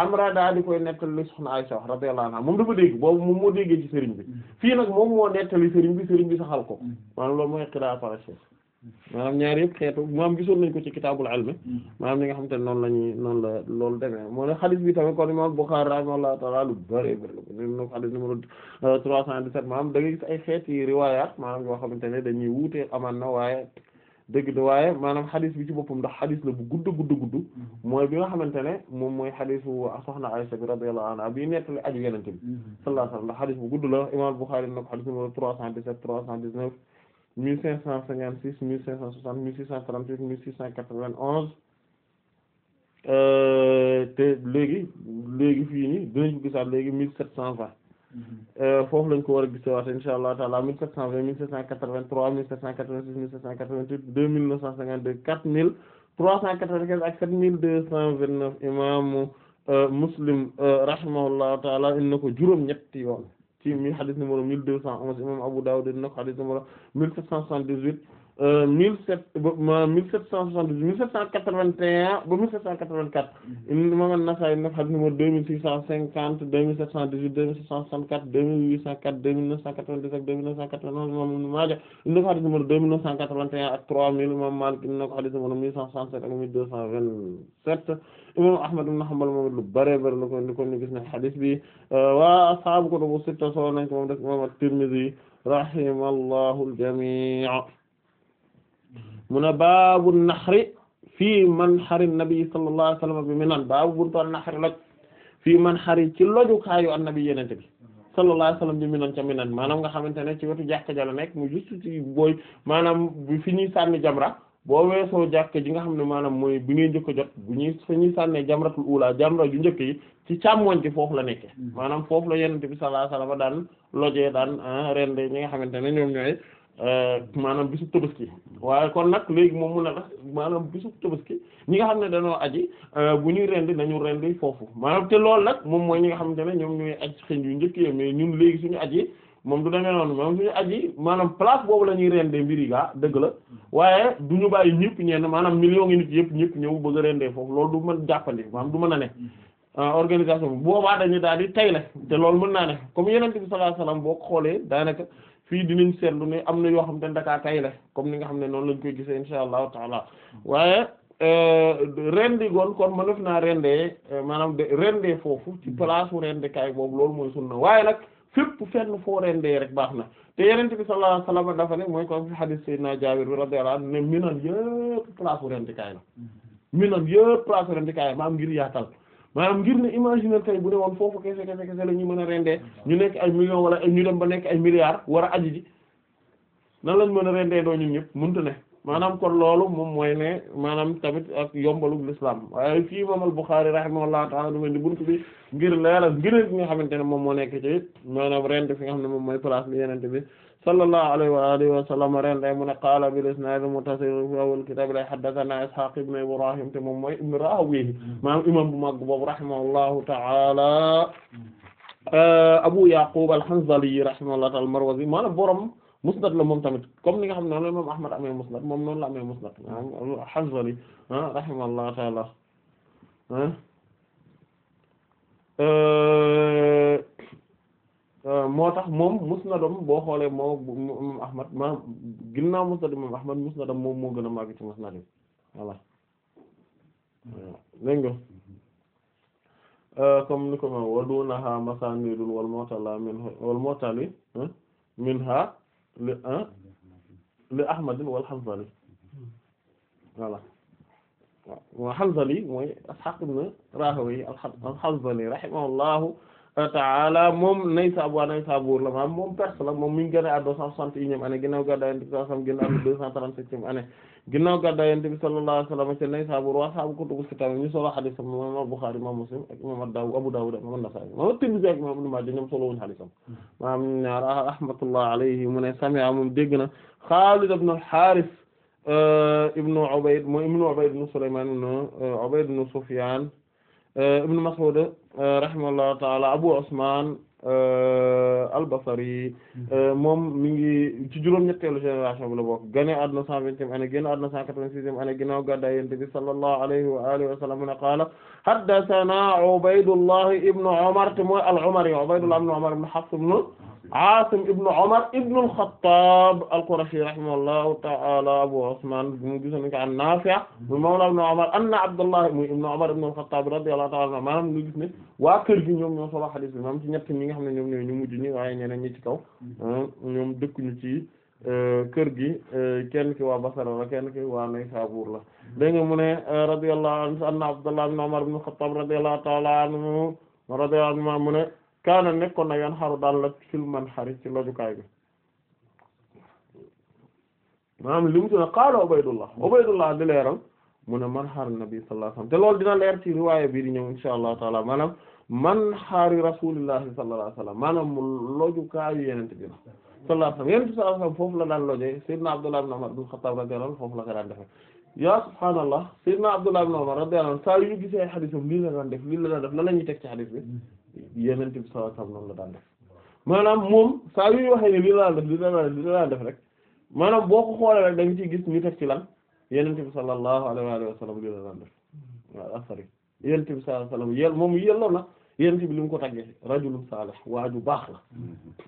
Speaker 2: Amra daa di koy nettali soxna Aysa wax radiyallahu anha moom dafa dégg boobu moom moo déggee ci sëriñ bi fii nag moom moo nettali sëriñ bi sëriñ bi saxal ko maanaam loo mooy qiraatu ala maanaam ñaar yëpp xeetu maanaam gisoon nañ ko ci kitaabul ilm maanaam li nga xam te noonu la ñuy la loolu demee moo ne xadis bi tamit kon imam Bukhari rahimahullahu ta'ala lu bëri bëri nen na trois cent dix-sept yoo xamante ne dañuy wuutee amaan na waaye dëgg waaye maanaam xadis bi ci boppam ndax xadis la bu gudd gudd gudd mooy bi nga xamante ne moom mooy xadisu soxna Aysa bi radiyallahu na mm-hmm. ko xadis numéro trois cent dix-sept mille cinq cent cinquante six mille cinq cent soixante mille six cent trente huit mille six cent quatre vingt onze euh, te léegi léegi fii nii dinañ ko gisaat léegi mille sept cent vingt mm-hmm. euh, foofu lañ ko war a gisewaat insha allah taala mille sept cent vingt mille sept cent quatre-vingt-trois mille sept cent quatre-vingt-six mille sept cent quatre-vingt-huit deux mille neuf cent cinquante quatre mille trois cent quatre-vingt-quinze ak sept vingt-neuf imaamu euh, na ko juróom ñetti yoon ci mi hadith numéro 1211 imam Abu Dawud dina ko hadith numéro 1778 mille sept ba mille sept cent soixante dix mille sept cent quatre vingt mhm. et un ba mille sept cent quatre vingt quatre imam An-Nasa'i def hadith numéro deux mille six cent cinquante deux mille sept cent dix huit deux mille sept cent soixante quatre deux mille huit cent quatre deux mille neuf cent quatre vingt dix ak deux mille neuf cent quatre vingt onze imam Ibn Mâdja def hadith numéro deux mille neuf cent quatre vingt et un ak trois mille imam Mâlik na ko hadith numéro mille cent soixante sept ak mille deux cent vingt sept imam Ahmad ibn Hanbal moom lu bare bare la ko indi comme ni gis na hadith bi euh, waa ashaabu kutubu sitta solo nañ ko moom def imam At-Tirmidhî rahimallahu al-jamii' mu ne baabu naxari fii man xari nabi sallallahu alayhi wa sallam bi Minan baabu buntoon naxari loj fii man xari ci lojukaayu annabi yenente bi sallallahu alayhi wa sallam bi Minan ca Minan maanaam nga xamante ne ci wetu jàkka ja la nekk mu juste ci booy maanaam bu fi ñuy sànni jamra boo weesoo jàkka ji nga xam ne maanaam mooy bi ngay njëkk jot bu ñuy fa ñuy sànnee jamratul ula jamra ju njëkk yi ci càmmoñ ci foofu la nekke mm-hmm. maanaam foofu la yenente bi sallallahu alayhi wa sallam daan lojee daan ah, nga xamante ne ñoom Euh, maanaam bisu tabaski waaye kon nag léegi moom mun na la maanaam bisu tabaski ñi nga xam ne dañoo aji euh, bu ñuy rendi nañu rendi foofu maanaam te lool nag moom mooy ñi nga xamante ne ñoom ñooy xëñ yu njëkk yi mais ñun léegi suñu aji moom du demee moom suñu aji maanaam place boobu la ñuy rendee mbir yi gaa dëgg la waaye du ñu bàyyi ñëpp ñenn maanaam millions yi nit yëpp ñëpp ñëw bëgg a rendee foofu loolu du mën jàppandi maanaam du mën a ne euh, organisation bi boobaa dañu daal di tay la te loolu mën naa ne comme yeneen bi sallallahu alayhi boo ko xoolee daanaka fii dinañ seetlu ne am na yoo xam te ne dakaa tayle comme ni nga xam ne noonu lañ koy gisee insha allahu taala waaye euh, rendi goon kon mënef naa rendee euh, maanaam de rendee foofu ci place u rende kaay boobu loolu mooy sunna waaye nag fépp fenn foo rendee rek baax na te yenente bi sallallahu alayhi wasallam dafa ne mooy ko fi hadith sayyidina Jaabir bi radiyallahu anhu ne minan yëpp place u rendi maam ngir yaatal maanaam ngir ne imaginer tey bu ne woon foofu kese kese kese la mën a rendee ñu nekk ay millions wala ñu dem ba nekk ay milliards war a aji ji nan lañ mën a rendee doo ñun ñëpp mënta ne maanaam kon loolu moom mooy ne maanaam tamit ak yombalu l'islam waaye fii imaam al-Bukhârī rahimahullahu ta'ala du mel ni buntu bi ngir leeral ngir nga xamante ne moom moo nekk ci maanaam rend fi nga xam ne moom mooy place yeneen yenente bi sallallahu alayhi wa alihi wa sallam ren day mu ne qaala bil isnaad al-muttasil fi awwal kitaab la haddathana Ishaq ibn Ibrahim te moom mooy ibn Rahawayh maanaam imam bu mag boobu rahimahullahu ta'ala Abu Yaqub al-Hanzali rahimahullahu ta'ala al-Marwazi maanaam borom musnad la moom tamit comme ni nga xam ne noonu la moom Ahmad amee musnad moom noonu la amee musnad maanaam al-Hanzali ah, rahimahullahu ta'ala ah. euh, Euh, moo tax moom musnadam boo xoolee moom imam ahmad ma ginnaaw musnad imam moom moo gën a màgg ci musnad yi voilà dégg nga euh, comme ni ko ma wa dunaha masanidun wal mutala min wal li li ahmadin wal hanzali voilà waaw hanzali mooy Ishaq ibn Rahawayh al-Hanzali rahimahullahu taala moom Naysaabuur Naysaabuur la maanaam moom Perse moom mi ngi génne at cent soixante et unième année ginnaaw gàddaay sallallahu wasallam génn at deux cent sallallahu wasallam ci Naysaabuur wa ashaabu kutubu sitta ñu solo hadiisam imaam Buxaari imaam Muslim ak imaam Abu Daawuud ak imaam Nasaa'i imaam Tirmidhi ak imaam Ibn Maaja ñoom solo wuñu hadiisam maanaam ñu ñaar rahmatullahi alayhi mu ne sami'a moom dégg na Xaalid ibn al-Haaris euh, ibn Ubayd mooy ibn Ubayd ibn Euh, rahimahullahu taala Abu Usman euh, al-Basri mhm. euh, moom mi ngi ci juróom-ñetteelu génération bi la bokk gane àdduna cent vingtième année génn àdduna cent quatre-vingt-sixième année ginnaaw gàddaay Yonent bi sallallahu alayhi wa alihi wa sallam ne qaala haddathana Ubaydullah ibn Umar te mooy al-Umari Ubaydullah ibn Umar ibn Hafs Asim ibn Umar ibn al-Khattab al-Qurashi rahimahullahu ta'ala Abu Usman bu mu gisoon ko an Nafi' mu mawla ibn Umar anna Abdullah muy ibn Umar ibn al-Khattab radiyallahu ta'ala maanaam nga gis ne waa kër gi ñoom ñoo solo xadiis bi maanaam ci ñett ñi nga xam ne ñoom ñoo ñu mujj ñi waaye ñeneen ñi ci kaw ah, ñoom dëkkuñu ci eh, kër gi eh, kenn ki waa Basra la kenn ki waa Naysabur la dégg nga mu ne eh, radiyallahu anhu anna Abdullah ibn Umar ibn al-Khattab radiyallahu ta'ala anhu radiyallahu anhu mu ne kaana nekkoon na yan daan daal la filman xari ci lojukaay bi maanaam li mu tuna qaala Ubaydullah Ubaydullah di leeral mu ne man xaar nabi sallallahu alayhi wasallam te dina leer ci riwaaya bi di ñëw insha allahu taala maanaam man xaari rasulillahi sallallahu alayhi wasallam maanaam mu lojukaayu yenente bi la sallallahu alayhi wasallam yenente sallallahu alayhi wasallam foofu la daan lojee Seydina Abdullah ibn Umar ibn Khattab radiyallahu anhu foofu la ko daan defe yaa subhaanallah Seydina Abdullah ibn Umar radiyallahu anhu saa yu ñu gisee xadisam lii la daan def lii la def la la ñuy teg ci xadis bi yeneen bi sallallahu alayhi wasallam la daan def maanaam moom saa yu ñu waxee ne lii laa def lii laa def lii laa def rek maanaam boo ko xoolee rek da nga gis ñu teg ci lan yeneen bi sallallahu alayhi wasallam lii la daan def waaw asari ah, yeneen bi sallallahu yel moom yelloo na yeneen bi li mu ko tàggee rajulun salih waaju baax la mm-hmm.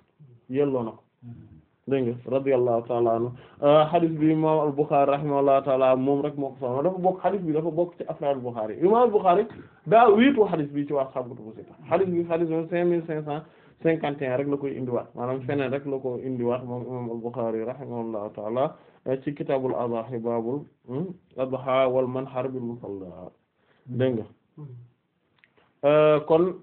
Speaker 2: yelloo na ko mm-hmm. dégg nga radiyallahu taala anhu euh, hadith bi imam al-Bukhari rahimahullahu taala moom rek moo ko soxla dafa bi dafa bokk ci afraad al-Bukhari imam al-Bukhari daa wiitu hadith bi ci waa ashaabu kutubu sitta hadith bi hadith moom cinq mille cinq cent cinquante et un rek la koy indiwaat maanaam feneen rek la ko indiwaat moom imam al-Bukhari rahimahullahu taala euh, ci kitaabul adaahi baabul hmm, adha wal manhar bil musalla dégg hmm. euh, kon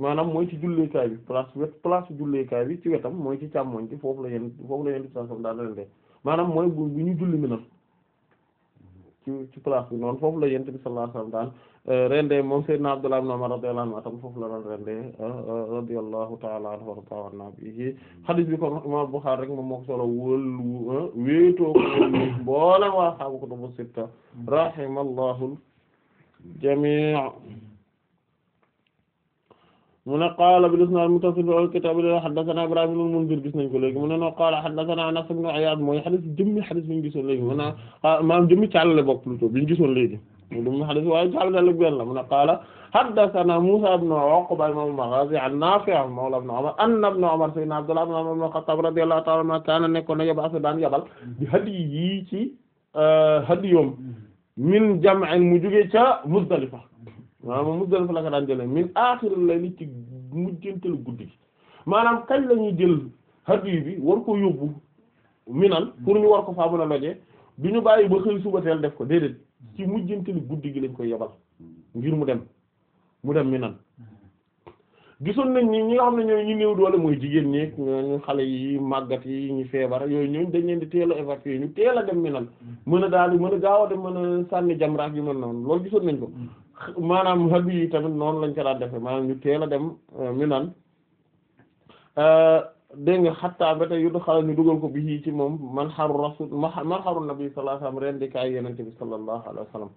Speaker 2: maanaam mooy ci julleekaay bi place wet place julleekaay bi ci wetam mooy ci càmmoñ ci foofu la yéen foofu la yéen di saasam daa dalante maanaam mooy bu ñu julli mi nan ci ci place bi noonu foofu la yent bi sallallahu alayhi wasallam daan euh, rende moom sayyidna Abdullah ibn Umar radiyallahu anhu atam foofu la daan rende euh, euh, radiyallahu ta'ala anhu warda anna bi hadith bi kon imam Bukhari rek moom moo ko solo wëllu wéetoo ko mboolem waa xaabu ko do bu sitta mm. rahimallahu jami' mu ne qaala bil isnaad muttasil bil kitaab haddasanaa Ibraahiim ibn Munzir gis nañ ko léegi mu ne noo qaala haddasanaa Anas ibn Iyaad mooy xadis jëmmi xadis bi ñu gisoon léegi mu ne ah, maanaam jëmmi caalale bokk plutôt bi ñu gisoon léegi jëmmi xadis waaye caalale ak benn la mu ne qaala haddasanaa Muusaa ibn Uqba imaam al-Maghaazi an Naafi' mawlaa ibn Umar anna ibn Umar sayyidinaa Abdullah ibn Umar ibn al-Khattaab radiyallaahu ta'aala anhumaa kaana nekkoon na yab'asu daan yabal bi hadyi yi ci ah, hadiyoom min jam'in mu jóge ca Muzdalifa waaw maanaam Muzdalifa la ko daan jëlee min aaxiril layli ci mujjantalu guddi gi maanaam kañ la ñuy jël hadiyu bi war ko yóbbu Minan pour ñu war ko faa mën a lojee du ñu bàyyi ba xëy suba teel def ko déedéet ci mujjantalu guddi gi lañ koy yebal ngir mu dem mu dem Minan gisoon nañ ni ñi nga xam ne ñooy ñu néew doole mooy jigéen ñi ñooñu xale yi màggat yi ñu feebar yooyu ñooñu dañ leen di teel a évacuer ñu teel a dem Minane mën a daal mën a gaaw a dem mën a sànni jamraak yu mel noonu loolu nañ ko maanaam xel yi tamit noonu lañ ko defee maanaam ñu teel a dem euh, Minane euh, dégg nga xattaa ba tey yu xale ñu dugal ko bi ci moom man xaru rasul man xaru nabi sallallahu alayhi wasallam ren di kaay yonent bi sallallahu alayhi wasallam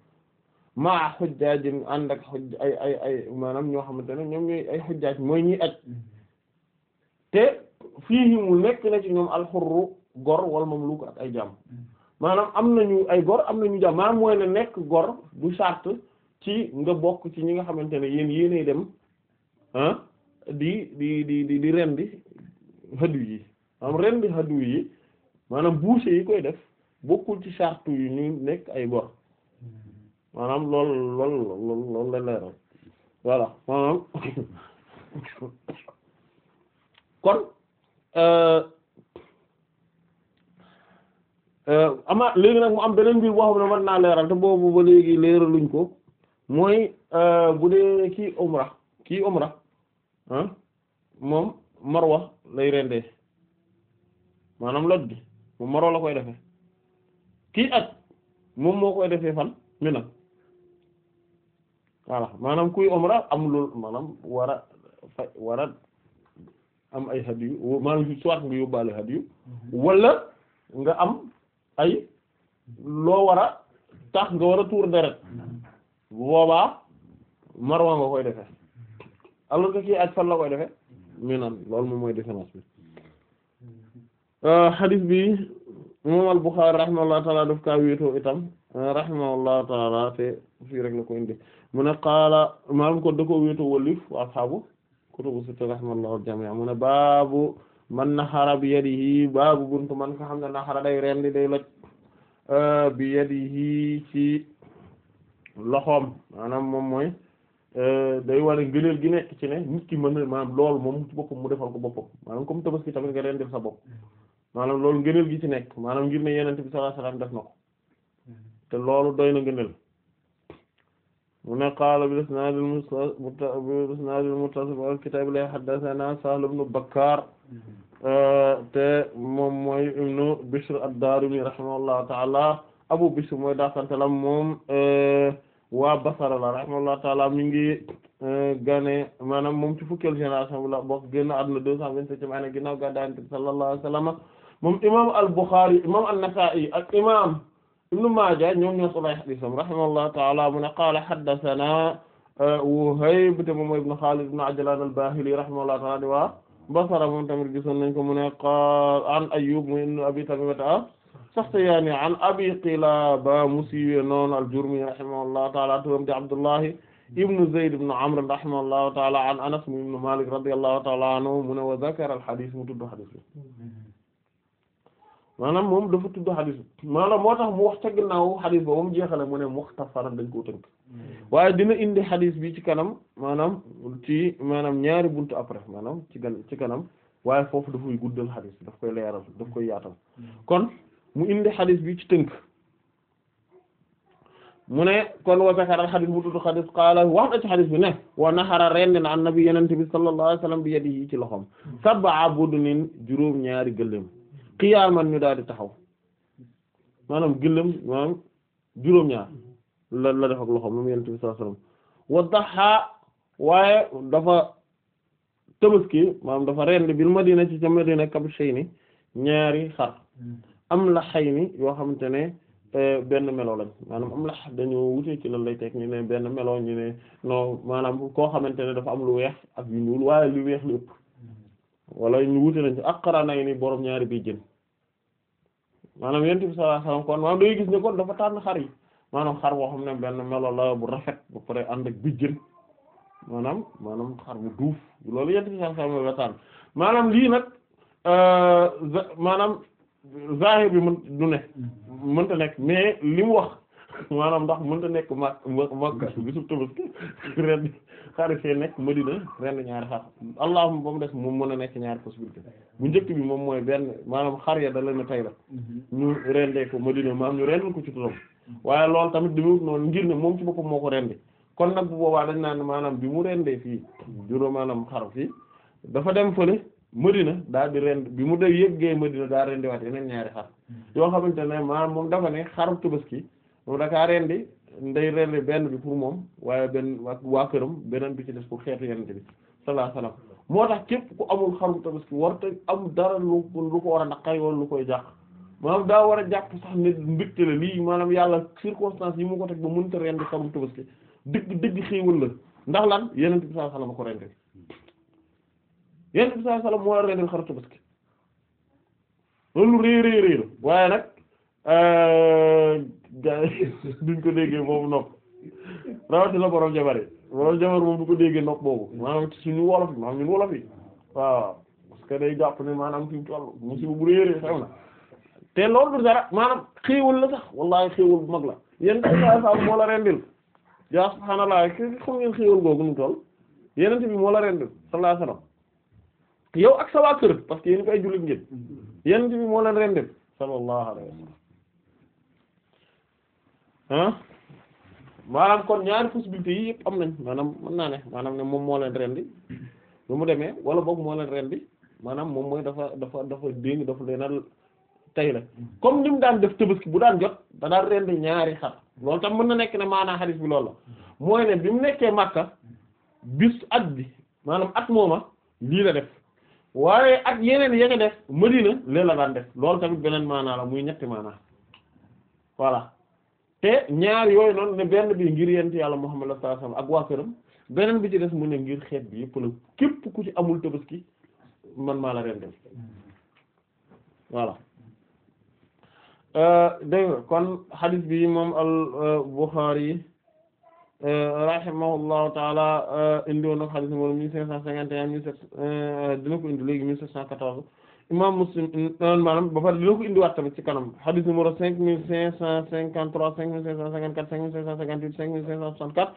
Speaker 2: maa xujjaajin ànd ak xujj ay ay maanaam ñoo xamante ne ñoom ñooy ay xujjaaj mooy ñi aj te fii mu nekk na ci ñoom alxurru gor wal mamluk ak ay jàmm maanaam am nañu ay gor am nañu jaam maanaam mooy ne nekk gor du sart ci nga bokk ci ñi nga xamante ne yéen yéenay dem ah, di di di di di rendi hadu yi maanaam rendi hadu yi maanaam boucher yi koy def bokkul ci sart yu ñu nekk ay gor maanaam lool lool lool leeral voilà maanaam kon euh, euh, ama léegi nag mu am beneen mbir boo xam ne mën naa leeral te boobu ba léegi leeraluñ ko mooy euh, bu dee kii umra kii umra ah moom marwa lay rendee maanaam lot bi moom marwa la koy defee kii at moom moo koy defee fan mi nag voilà maanaam kuy umra am loolu maanaam war a fa am ay hadiyu maanaam soit nga yóbbaale hadiyu mhm. wala nga am ay loo war tax nga war a tuur deret mhm. boobaa marwa nga koy defee mhm. alors que kii aj fan la koy defee miinaan loolu moom mooy différence bi euh, hadith bi imam al-Bukhari rahimahullahu taala daf ka wéetoo itam euh, rahimahullahu taala te fii rek la ko indi mu ne qaala maanaam kon da ko wéetoo wallif wa ashaabu kutubu sitta rahimahullahu jami'a mu ne baabu man nahara bi yadihi baabu buntu man ka xam ne nahara day rendi day loj euh, bi yadihi ci loxoom maanaam moom mooy euh, day wane ngëneel gi nekk ci ne nit ki mën na maanaam loolu moom ci mu defal ko boppam maanaam comme tabaski tamit nga rendil sa bopp maanaam loolu ngëneel gi ci nekk maanaam ngir ne yonent bi sallallahu alayhi wasallam mm-hmm. te loolu doy na ngëneel mu ne qaala bil isnaadil muttasil fil kitaab mooy ibnu Bishr ad mooy daakantalam moom eh, waa Basra la rahimahullahu ta'aala mi eh, gane maanaam moom ci fukkeel génération bi la bokk génn àdduna deux cent vingt-septième année ginnaaw gàddaay Yonent bi sallallahu alayhi wa sallam moom imaam al-Bukhari imaam an Ibn Maaja ñoom ñoo solo ay hadiisam rahimahullahu ta'ala mu ne qaala haddasanaa euh, Wuhayb te moom mooy ibn Xaalid ibn Ajlaan al-Baahili rahimahullahu ta'ala di waa Basra moom tamit gisoon nañ ko mu ne qaala an Ayyuub mu ibn Abi Tamiima Saxtiyaani an Abi Qilaaba mu siiwee noonu al-Jurmi rahimahullahu ta'ala turam di Abdullahi ibn Zayd ibn Amr rahimahullahu ta'ala an Anas ibn Maalik radiyallahu ta'ala anhu mu ne wa zakara al-hadiis mu tudd hadiis maanaam moom dafa tudd xadis maanaam moo tax mu wax ca ginnaaw xadis ba mu jeexale mu ne muxtasaran dañ koo tënk hmm. waaye dina indi xadis bi ci kanam maanaam ci maanaam ñaari buntu après maanaam ci gan ci kanam waaye foofu dafay guddal xadis daf koy leeral daf koy yaatal hmm. kon mu indi xadis bi ci tënk mu ne kon wa zakara xadis bu tudd xadis qaala wax na ci xadis bi ne wa naxara rendi na an nabi yenente bi sallallahu alayhi wasallam bi yadihi ci loxom hmm. sab'a budnin juróom ñaari gëléem xiyaaman ñu daal di taxaw maanaam gëléem maanaam juróom-ñaar la la def ak loxo moom yonent bi sallallahu alayhi wasallam wa daxa waaye dafa tabaski maanaam dafa rend bil madina ci ca madina kabshayni ñaari xar am la xay ni yoo xamante ne eh, benn melo lañ maanaam am la dañoo wutee ci lan lay teg ñu ne benn melo ñu ne non maanaam koo xamante ne dafa am lu weex ak yu ñuul waaye lu weex lu ëpp wala ñu wute nañ aqranayni borom ñaari béjjén maanaam yonent bi sallallahu alayhi wasallam kon maanaam day gis ne kon dafa tànn xar yi maanaam xar boo xam ne benn melo la bu rafet ba pare ànd ak béjjén maanaam maanaam xar bu duuf loolu yonent bi sallallahu alayhi wasallam dafa tànn maanaam lii nag euh, maanaam zahir bi mën du ne mm-hmm. mënta nekk mais li mu wax. maanaam ndax mënta nekk mak Makka bisub Tabaski ren xari fee nekk Madina ren ñaari xar allahuma ba mu des moom mën a nekk ñaari possibilité bu njëkk bi moom mooy benn maanaam xar ya da leen a tay la mhm. ñu rendee ko Madina ko ci turam loolu tamit dimiwut ne moom ci boppam ko rendi kon nag bu boobaa dañ naan bi mu rendee fii juróom maanaam xar fii dafa dem fële Madina daal di rend bi mu de yëggee Madina daa rendiwaat yeneen ñaari xar mhm. yoo xamante ne maanaam moom dafa ne xaru Tabaski moom dakaa rendi nday rendi benn bi pour moom waaye benn waa këram beneen bi ci des pour xeetu yenente bi sallallahu alayhi wasallam moo tax képp ku amul xarum tabaski warta am dara lu lu ko war a naqari wala lu koy jàq maanaam daa war a jàpp sax ne mbégte la lii maanaam yàlla circonstance yi mu ko teg ba mënta rendi xarum tabaski dëgg dëgg xéewal la ndax lan yenent bi sallallahu alayhi wasallam ko rendi yenent bi sallallahu alayhi wasallam tabaski loolu réy réy réy la waaye nag euh, gaa yi [laughs] duñ ko déggee boobu nopp rawatina borom jabar yi borom moom du ko déggee nopp boobu maanaam suñu wolof yi maanaam ñun wolof yi jàpp ne maanaam fi mu toll musiba bu réeree xew na te loolu sax wallahi xéewal mag la yéen dañu saa saa moo rendil yaa subhaanallah ki xam ngeen xéewal googu nu toll yeneen bi moo rendil sallallahu yow ak sa parce que yéen koy jullit ngeen yeneen bi rendil sallallahu ah maanaam kon ñaari possibilités yi yëpp am nañ maanaam mën naa ne maanaam ne moom moo leen rendi lu mu demee wala boog moo leen rendi maanaam moom mooy dafa dafa dafa déng dafa leena tey la comme ni mu daan def tabaski bu daan jot da ñaari xar loolu tam mën na nekk ne maanaam xalis bi bi mu nekkee Makka bis at bi maanaam at mooma lii la ak yeneen ya ca def Madina lee la daan def loolu tamit beneen maanaa la muy ñetti maanaa voilà te ñaar yooyu noonu ne benn bi ngir yent yàlla Muhammad sallallahu alayhi wasallam ak waa këram beneen bi ci def mu ne ngir xeet bi yëpp la képp ku ci amul ki man maa la rendel voilà euh, dégg nga kon xadis bi moom al euh, Bukhari euh, rahimahullahu taala indi woon na xadis numéro mille cinq cent cinquante et un mille sept dina ko indi léegi mille sept cent quatorze imam Muslim maanaam ba pare dina ko indiwaat tamit ci kanam hadith numéro cinq mille cinq cent cinquante-trois cinq mille cinq cent cinquante-quatre cinq mille cinq cent cinquante-huit cinq mille cinq cent soixante-quatre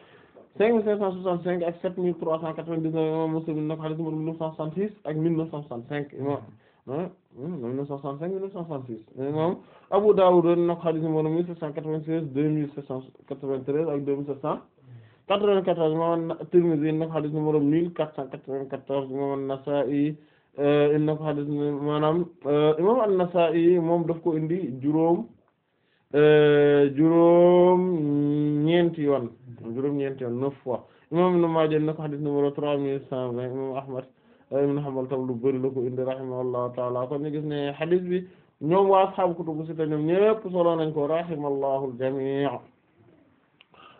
Speaker 2: cinq mille cinq cent soixante-cinq ak sept mille trois cent quatre-vingt-dix-neuf imam Muslim i na ko hadith numéro mille neuf cent soixante-six ak mille neuf cent soixante-cinq imam mille neuf cent soixante-cinq mille neuf cent soixante-six imam Abu Dawud na ko hadith numéro mille sept cent quatre-vingt-seize deux mille sept cent quatre-vingt-treize ak deux mille sept cent 94 imam Tirmidhi na ko hadith numéro mille quatre cent quatre-vingt-quatorze imam Nasa'i inna ko hadis maanaam imam an-Nasa'i moom daf ko indi juróom juróom ñeenti yoon juróom ñeenti yoon neuf fois imam Ibn Maaja inna ko hadis numéro trois mille cent vingt imam Ahmad ibn Hanbal tam lu bari la ko indi rahimahullahu ta'ala kon ñu gis ne hadis bi ñoom waa ashaabu kutubu sitta ñoom ñépp solo nañ ko rahimallahu al-jami'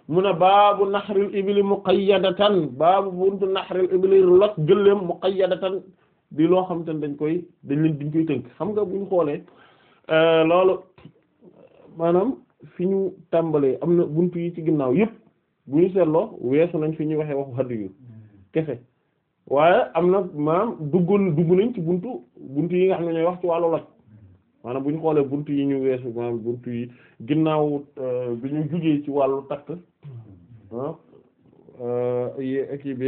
Speaker 2: mu ne baabu nahril ibli muqayyadatan baabu buntu nahril ibli lot gëléem muqayyadatan di loo xam te ne dañ koy dañ leen dañ koy tënk xam nga bu ñu xoolee euh, loolu maanaam fi ñu tàmbalee am na bunt yi ci ginnaaw yëpp bu ñu seetloo weesu nañ fi ñuy waxee waxu xadd yu kese waaye am na maanaam dugg dugg nañ ci bunt buntu yi nga xam ne ñooy wax ci wàllu loj maanaam bu ñu xoolee buntu yi ñu weesu maanaam bu yi ginnaaw euh, bi ñu jugee ci wàllu takk ah, euh, kii bi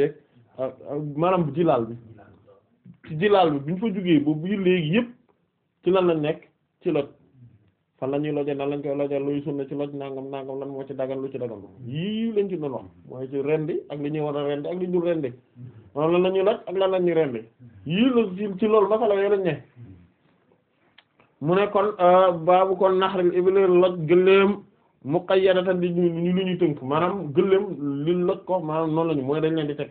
Speaker 2: maanaam jilaal bi ci jilaal bi bi ñu fa jógee ba bu léegi yëpp ci lan lañ nekk ci loj fan la ñuy loje nan lañ koy loje luy sunna ci loj nangam nangam lan moo ci dagan lu ci dagan lañ ci doon wax mooy ci ak li ñuy war a rendi ak li ñu la ñuy loj ak lan la ñuy rendi yii la ci ci loolu masala yoo lañ ne mu ne kon euh, baabu kon naxaril ibli loj gëléem muqayyadatan di ñu lu ñuy tënk maanaam gëléem li loj ko maanaam noonu lañu mooy dañ leen di teg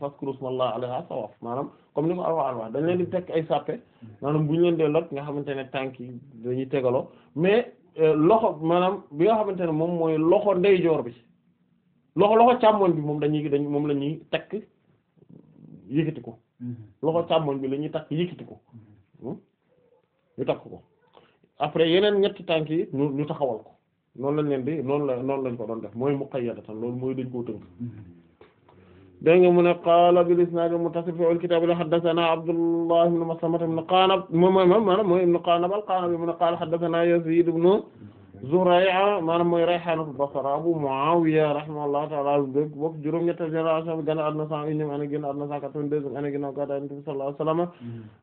Speaker 2: faskuru smallahi alayha sawaf maanaam comme ni ko alwa dañ leen di teg ay sàppe maanaam bu ñu leen dee lot nga xamante ne tànk yi dañuy tegaloo mais euh, loxo maanaam bi nga xamante ne moom mooy loxo ndeyjoor bi loxo loxo càmmoñ bi moom dañuy dañ moom la ñuy takk yëkkati ko mm-hmm. loxo càmmoñ bi la takk yëkkati ko hmm? ñu takk ko après yeneen ñetti tànk yi ñu ñu taxawal ko noonu lañ leen di noonu la noonu lañ ko doon def mooy muqayyadatan loolu mooy dañ koo tënk mm-hmm. dégg nga mu ne qaala bil isnaad al-muttasil fil kitaab la haddathanaa Abdullah ibn Maslamah ibn Qanab moom mooy maanaam mooy ibn Qanab al-Qanabi mu ne qaala haddathanaa Yaziid ibn Zuray'a maanaam mooy Rayhaanul Basri Abu Mu'aawiya rahimahullahu ta'aala bokk juróom-ñetteelu génération bi gën a àdduna cent unième année génn àdduna cent quatre-vingt-deuxième année ginnaaw gàddaay Yonent bi sallallahu alayhi wa sallam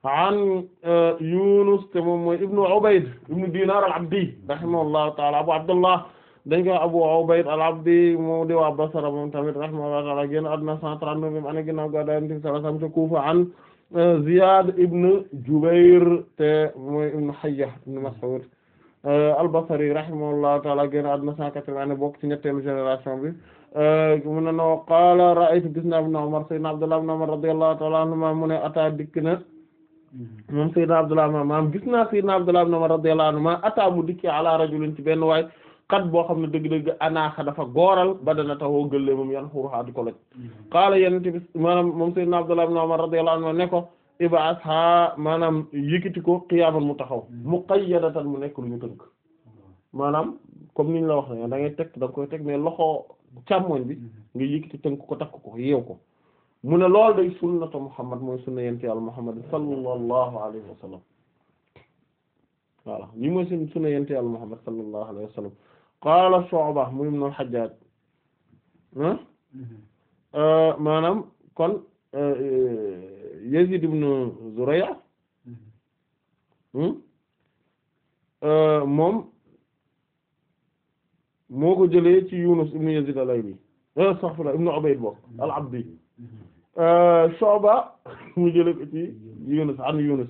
Speaker 2: an euh, Yunus te moom mooy ibn Ubayd ibn Dinar al-Abdi rahimahullahu ta'aala Abu Abdullah dañ koy Abu Ubayd al-Abdi mu di waa Basra moom tamit rahimahullahu ta'ala génn àdduna 139 ane ginnaaw gàddaay Yonent bi sallallahu alayhi wasallam ci Kufa an euh, Ziyad ibn Jubayr te mooy ibn Hayya ibn Mas'ud euh, al-Basri rahimahullahu ta'ala génn àdduna 180 ane bokk ci ñetteelu génération bi euh, mu ne no qaala ra'aytu gis naa Ibn Umar sayyidina Abdullah ibn Umar radiyallahu ta'ala anhuma mu ne ata dikk na moom sayyidina Abdullah maam gis naa sayyidina Abdullah ibn Umar radiyallahu anhuma ata mu dikki ala rajulin ci benn waay kat boo xam ne dëgg-dëgg anaaxa dafa gooral badana tawoo gëllee moom yan xuruhaa di ko loj qaala yenente bi maanaam moom sayyidna Abdullah ibn Umar radiyallahu anhu ne ko ibaas ha maanaam yëkkati ko qiyaaman mu taxaw muqayyadatan mu nekk lu ñu tënk maanaam comme niñ la wax ne da ngay teg da nga koy teg mais loxo càmmoñ bi nga yëkkati tënk ko takk ko yeew ko mu ne loolu day sunnatu Muhammad mooy sunna yent yàlla Muhammad sallallahu alayhi wa sallam voilà ñi mooy qaala Shu'ba muy ibn al-Hajjaj mm-hmm. euh, maanaam kon euh, euh, Yazid ibn Zuray' mm-hmm. moom moo ko jëlee ci Yunus ibn Yazid al-Ayli astaghfirullah ibn Ubayd bokk al-Abdi mm-hmm. Shu'ba mu jëlee ko ci Yunus an Yunus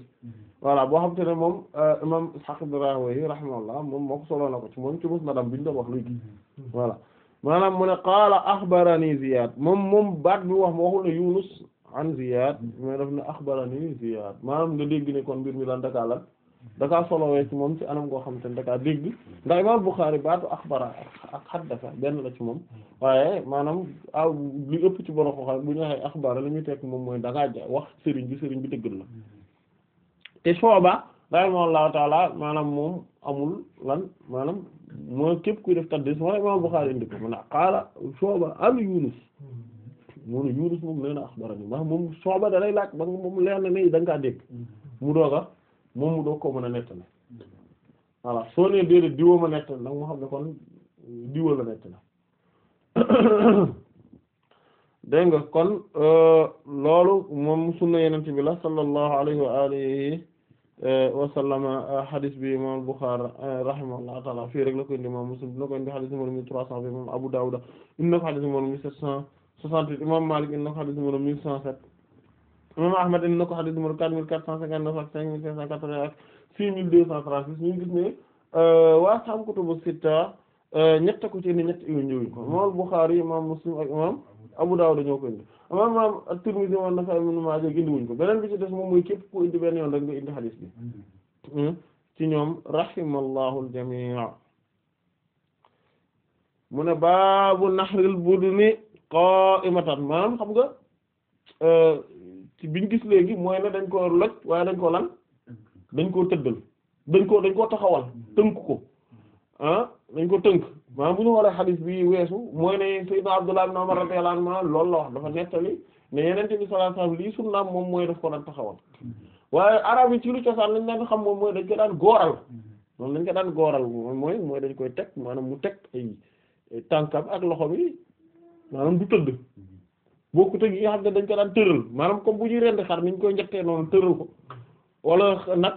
Speaker 2: voilà boo xam te ne moom euh, imam Ishaq ibn Rahowi rahimahullah moom moo ko solo na ko ci moom ci musnadam biñ la wax léegi mm-hmm. voilà maanaam mu ne qaala axbarani Ziyad moom moom baat bi wax waxul ne Yunus an Ziyad mais daf ne axbarani maanaam nga dégg ne kon mbir mi lan dakaa lan dakaa solowee ci moom ci anam goo xam te ne dakaa dégg ndax imam Bukhari baatu axbara ak xaddasa benn la ci moom waaye maanaam aw ah, li ëpp ci borom xam bu ñu waxee axbara li muy tekk moom mooy dangaa ja wax sëriñ bi sëriñ bi dëggal la te Shu'ba rahimahullahu taala maanaam moom amul lan maanaam mooy képp kuy def tadlis moo Imam Bukhari indi ko mu ne qaala Shu'ba an Yunus mu Yunus moom nee na moom Shu'ba da lay laaj moom leer ne da nga kaa mu dooga moom mu doog koo mën a nett na voilà soo nee ma nett na xam ne kon [coughs] nga kon euh, loolu moom sunna yenente bi la sallallahu alayhi wa wasallama hadis bi imam Bukhari rahimahullahu taala fii rek la koy indi imam Muslim dina ko indi hadis trois cent bi imam Abu Dawud inna ko hadis numéro mille sept cent soixante-huit imam Malik inna ko hadis numéro mille cent sept imam Ahmad inna ko hadis numéro quatre mille quatre cent cinquante-neuf ak cinq mille cinq cent quatre-vingts ak six mille deux cent trente-six ñu gis euh, kutubu sitta euh, ñett ko ci indi ñett yu ñëw ko imam Bukhari imam Muslim ak imam Abu Dawud amaa imaam at-Tirmidhi wa Nasa'i ibn Maaja gindi wuñ ko beneen bi ci des moom mooy képp ku indi benn yoon rek nga indi xadiis bi hmm? ci ñoom rahimallahu al mu ne baabu nahril budni qaa'imatan maanaam xam nga euh, ci biñ gis léegi mooy ne dañ koo loj waaye dañ koo lan dañ koo tëddal dañ koo dañ koo taxawal tënk ko ah dañ ko tënk maanaam bu ñu war xalis xadis bi weesu mooy ne sayyidna Abdullah ibn Umar radiyallahu loolu la wax dafa nettali ne Yonent bi sallallahu alayhi wasallam lii sunnaam moom mooy daf ko daan taxawal waaye arab yi ci lu cosaan lañ xam moom mooy dañ ko daan góoral moom dañ ko daan góoral mooy mooy dañ koy teg maanaam mu teg ay tànkam ak loxo bi maanaam du tëdd bokkut ak yi nga xam ne dañ ko daan tëral maanaam comme bu ñuy rendi xar ni ñu koy njettee noonu tëral ko wala nag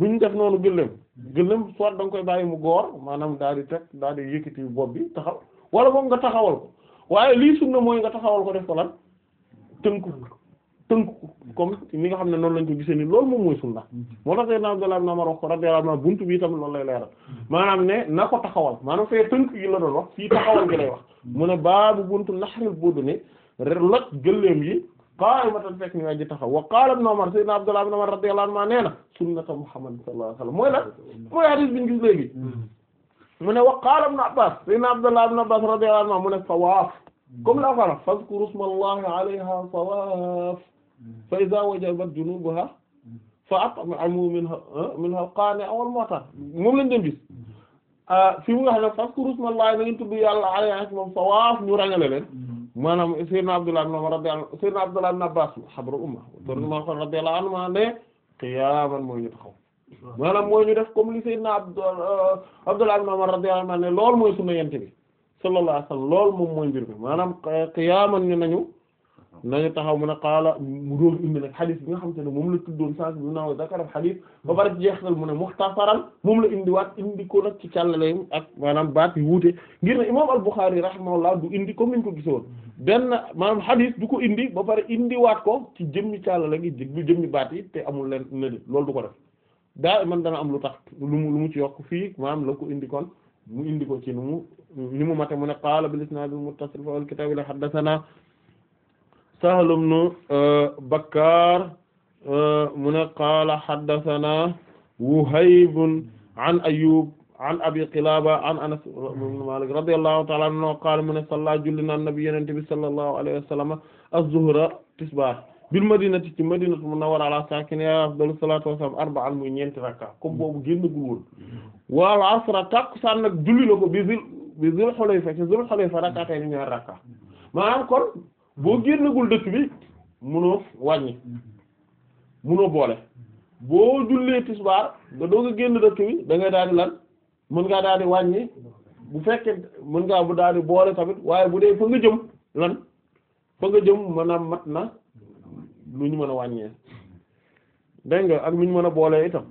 Speaker 2: ñu def noonu gëléem gëlëm soit da nga koy bàyyi mu góor maanaam daal di teg daal di yëkkati bopp bi taxaw wala moom nga taxawal ko waaye lii sunna mooy nga taxawal ko def ko lan tënku tënku comme ni nga xam ne noonu lañ ko gisee ni loolu moom mooy sunna moo tax Seydina Abdullah ibn Umar wax ko radiyallahu anhu buntu bi tamit loolu lay leeral maanaam ne na ko taxawal maanaam fee tënk yi la doon wax fii taxawal gi lay wax mu ne baabu buntu naxaril budni lot gëléem yi qaa'imatan fekk ñu aji taxaw wa qaala ibn Umar sayyidina Abdullah ibn Umar radiyallahu anhu nee na sunnata Muhammad sallallahu alayhi wasallam mooy lan mooy hadith bi ñu gis léegi mu ne wa qaala ibn Abbas sayyidina Abdullah ibn Abbas radiyallahu anhu mu ne sawaaf comme la fara fazkuru ismallahi alayha sawaaf fa idha wajabat junubuha fa at'amu minha eh, minha al-qaani'a wal-mu'tar moom lañ doon gis ah, fi mu nga xam ne fazkuru ismallahi na ngeen tudd yàlla alayha moom sawaaf ñu ràññale leen maanaam Seydina Abdullah ibn Umar radiyallahu Seydina Abdullah ibn Abbas xabru umma doonma ko radiyallahu anhuma ne qiyaaman mooy ñu taxaw maanaam mooy ñu def comme li Seydina Abd euh, Abdullah ibn Umar radiyallahu anhuma ne loolu mooy sunna yente bi sallallahu alayhi wasallam loolu moom mooy mbir mi maanaam euh, qiyaaman ñu nañu nañu taxaw mu ne qaala mu doog indi nag xadis bi xam xamante ne moom la tuddoon sànq bi naaw zakarab xadis ba pare jeexital mu ne muxtasaran moom la indiwaat indi ko nag ci càllaleem ak maanaam baat yi wuute ngir ne imaam al-Bukhari rahimahullah du indi comme niñ ko gisoon benn maanaam xadis du ko indi ba pare indiwaat ko ci jëmmi càllale gi du jëmmi baat yi te amul leen ne loolu du ko def daa man dana am lu tax lu mu lu mu ci yokk fii maanaam la ko indi kon mu indi ko ci nu mu ni mu mate mu ne qaala bil isnaadil muttasil fil kitaabi la haddasanaa Sahl ibn euh, Bakkar euh, mu ne qaala haddathana Wuhayb an Ayyub an Abi Qilaba an Anas ibn Malik radiyallahu ta'ala anhu qaala mu ne salla julli na nabi yonent bi sallallahu alayhi wa sallam az-zuhra tisbaar bil madinati ci madinatu munawwara ala sakiniha afdalu salatu wassalam arba'an muy ñeenti rakka comme boobu génnagul woon wal asra takkusaan nag julli na ko bi zil bi zil xulayfa ci zil xulayfa rakka tey ni ñaar rakka maanaam kon boo génnagul dëkk bi munoo wàññi munoo boole boo jullee tisbaar nga doog a génn dëkk bi dangay daal di lan mën ngaa daal di wàññi bu fekkee mën ngaa mu daal di boole tamit waaye bu dee fa nga jëm lan fa nga jëm mën a mat na lu ñu mën a wàññee dégg nga ak lu ñu mën a boole itam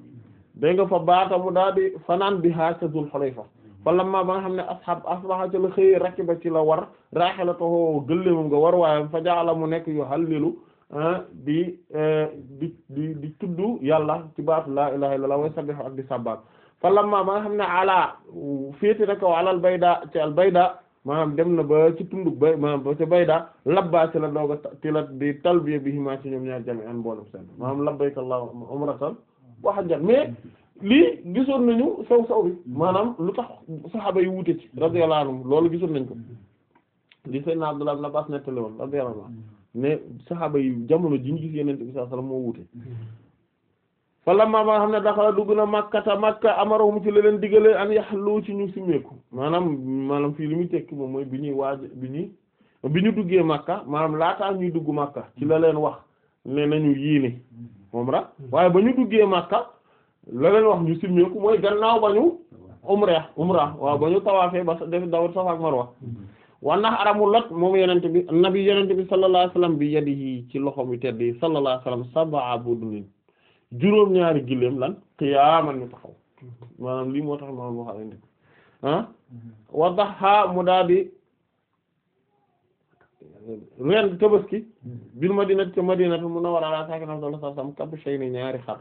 Speaker 2: dégg nga fa baata mu daal di fanaan bi xaar ca Dul Xulayfa fa lamma ba nga xam ne ashab asbaha ci la xëyee rakiba ci la war raxilatahu gëléemam nga war waayam fa jaala mu nekk yu hallilu ah, di eh, di di di tudd yàlla ci baatu laa ilaha illallah way sabbihu ak di sabbal fa lamma ba nga xam ne ala féeti na ko alal bayda ci al bayda maanaam dem na ba ci tundug bay maanaam ba ca bayda labba ci la dooga ci la di talbiya bi himaa ci ñoom ñaar jami'an mboolem seen maanaam labbayka allahumma umratan wa hajjan mais lii gisoon nañu saw saw bi maanaam lu tax saxaaba yi wute ci radiyallahu loolu gisoon nañ ko li sayyidna Abdullah ibn Abbas nettali woon radiyallahu anhu ne saxaaba yi jamono ji ñu gis yeneen bi sallallahu alayhi moo wute falamma ba nga xam ne daxala dugg na makkata makka amarahum ci la leen diggalee an yaxlu ci ñu simeeku maanaam maanaam fii li muy tekki moom mooy bi ñuy waaj bi ñuy bi ñu duggee makka maanaam laataa ñuy dugg makka ci la leen wax ne nañu yiine moom ra mm-hmm. waaye ba ñu duggee la leen wax ñu simmeeku mooy gannaaw ba ñu umra umra waaw ba ñu tawaafee ba def dawat Safa ak Marwa wa ndax aramu lot moom yenente bi bi sallallahu alayhi wasallam bi yadihi ci loxom yu tedd juróom ñaari giléem lan qiyaaman ñu taxaw maanaam lii moo tax ma moo xam ne ah wa daxa mu daa di ren tabaski bil madinati ca madinatu munawwara ala sakinah sallallahu alayhi wasallam kab shay ni ñaari xar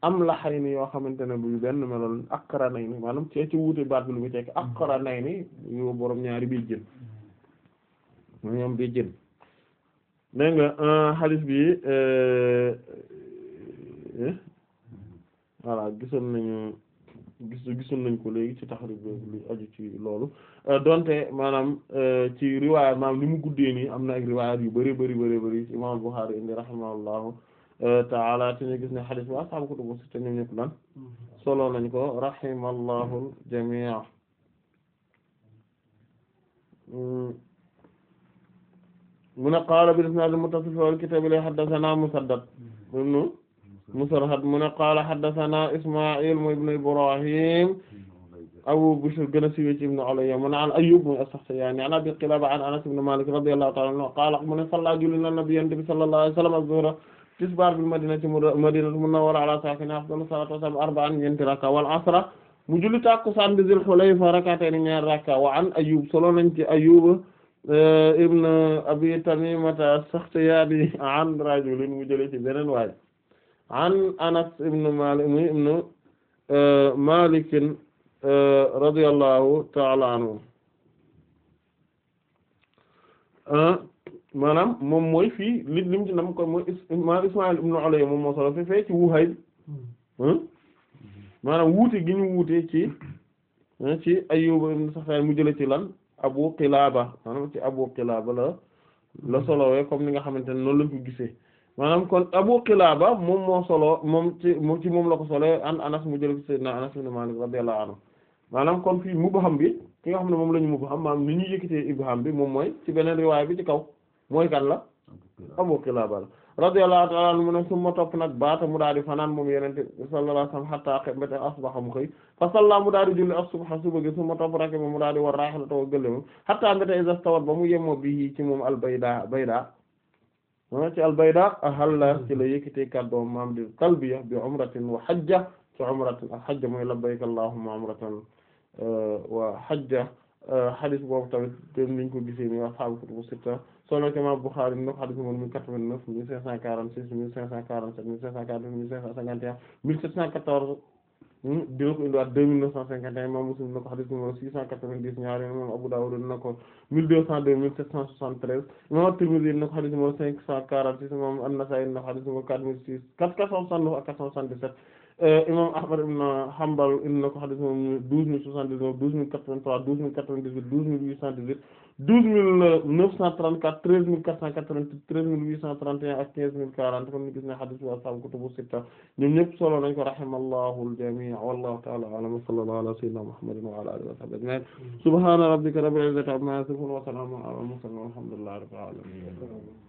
Speaker 2: am laxari ni yoo xamante ne buy benn meloon akkara nay ni maanaam ci wuute baat bi lu muy tekk akkara nay ni yu borom ñaari biy jën mu ñoom biy jën dégg nga euh, hadith bi euh, eh, voilà gisoon nañu gis gisoon nañ ko léegi ci taxrib lu aju ci loolu euh, donte maanaam ci riwaayat maanaam li mu guddee nii am na ak riwaayat yu bari bari bari bari ci imam Bukhari indi rahimahullahu taala te ñu gis ne xadis bi ashaabu kutubu sitta ñoom ñëpp lan mm-hmm. solo nañ ko rahimallahu jamii mm. mu ne qaala bil isnaad al muttasil fil kitaab li haddasanaa Musaddad ibn mm-hmm. Musarhad mu ne qaala haddasanaa Ismaa'iil mu ibn Ibraahiim mm-hmm. Abu Bishr gën a siiwee ci ibn Ulayya mu ne an Ayyuub mu as-Saxtiyaani an Abii Qilaaba an Anas ibn Maalik radiyallaahu ta'aala anhu qaala mu ne sallaa julli na Nabi sallallahu alayhi wa sallam az-zuhra tisbaar bil madina ci madinatu munawwara ala saakinihaa afdalu salaatu wa salaam arba'an ñeenti rakka wal asra mu julli takkusaan bi Zul Hulayfa rak'atayn ñaar rakka wa an Ayyub solo ci Ayyub eh, ibn Abi Tamimata as-Sakhtiyaani an rajulin mu jëlee ci beneen waay Anas ibn Maalik ibn eh, Maalik eh, radiyallahu ta'ala anhu ah, maanaam moom mooy fii li lim ci nam ko mooy maanaam Ismaïl ibn Ulayya moom moo solo fee ci Wuhayb hmm? maanaam wuuti gi ñu wuute ci hmm, ci Ayyub ibn Saxtaan mu jële ci lan Abu Qilaaba maanaam ci Abu Qilaaba la la solowee comme ni nga xamante ne noonu lañ ko gisee maanaam kon Abu Qilaaba moom moo solo moom ci moom ci moom la ko solowee an Anas mu jële ci Seydina Anas ibn Maalik radiyallahu anhu maanaam kon fii mubham bi ki nga xam ne moom la ñu mubham maanaam ni ñuy yëkkatee ibham bi moom mooy ci beneen riwaay bi ci kaw mooy kan la Abu Qilaaba la radiyallahu ta'ala anhu mu ne summa topp nag baata mu daal di fanaan moom yenente sallallahu alayhi wasallam hatta qibata asbaha mu xëy fa salla mu daal di julli as-subha suba gi summa topp rakiba mu daal di war raahilata wa gëléemam hatta mbéta iza ba mu yemmoo bihi ci moom al-bayda bayda ci ci la yëkkatee kàddoom maam di talbiya bi umratin wa hajja ci umratin ak hajja mooy umratan wa hajja hadis boobu tamit niñ ko gisee ni ashaabu solo ko imam Bukhari indi na ko hadith numéro 1089 1546 1547 1548 1551 1714 dina ko indiwaat 2951 imam Muslim na ko hadith numéro 690 ñaari imam Abu Dawud na ko 1202 1773 imam Tirmidhi na ko hadith numéro 546 imam An-Nasa'i na ko hadith numéro 4006 469 ak 477 euh, imam Ahmad ibn Hanbal indi na ko hadith numéro 12079 12083 12098 12818 douze mille neuf cent trente quatre treize mille quatre cent quatre vingt treize mille huit cent trente et un ak quinze mille quarante kon ñu gis ne hadith wa ashab kutubu sitta ñoom ñëpp solo nañ ko rahimallahu al-jami' wallahu ta'ala a'lam wa sallallahu ala sayyidina muhammadin wa ala alihi wa sahbihi ajma'in subhana rabbika rabbil izzati amma yasifun wa salamun ala al-mursalin walhamdulillahi rabbil alamin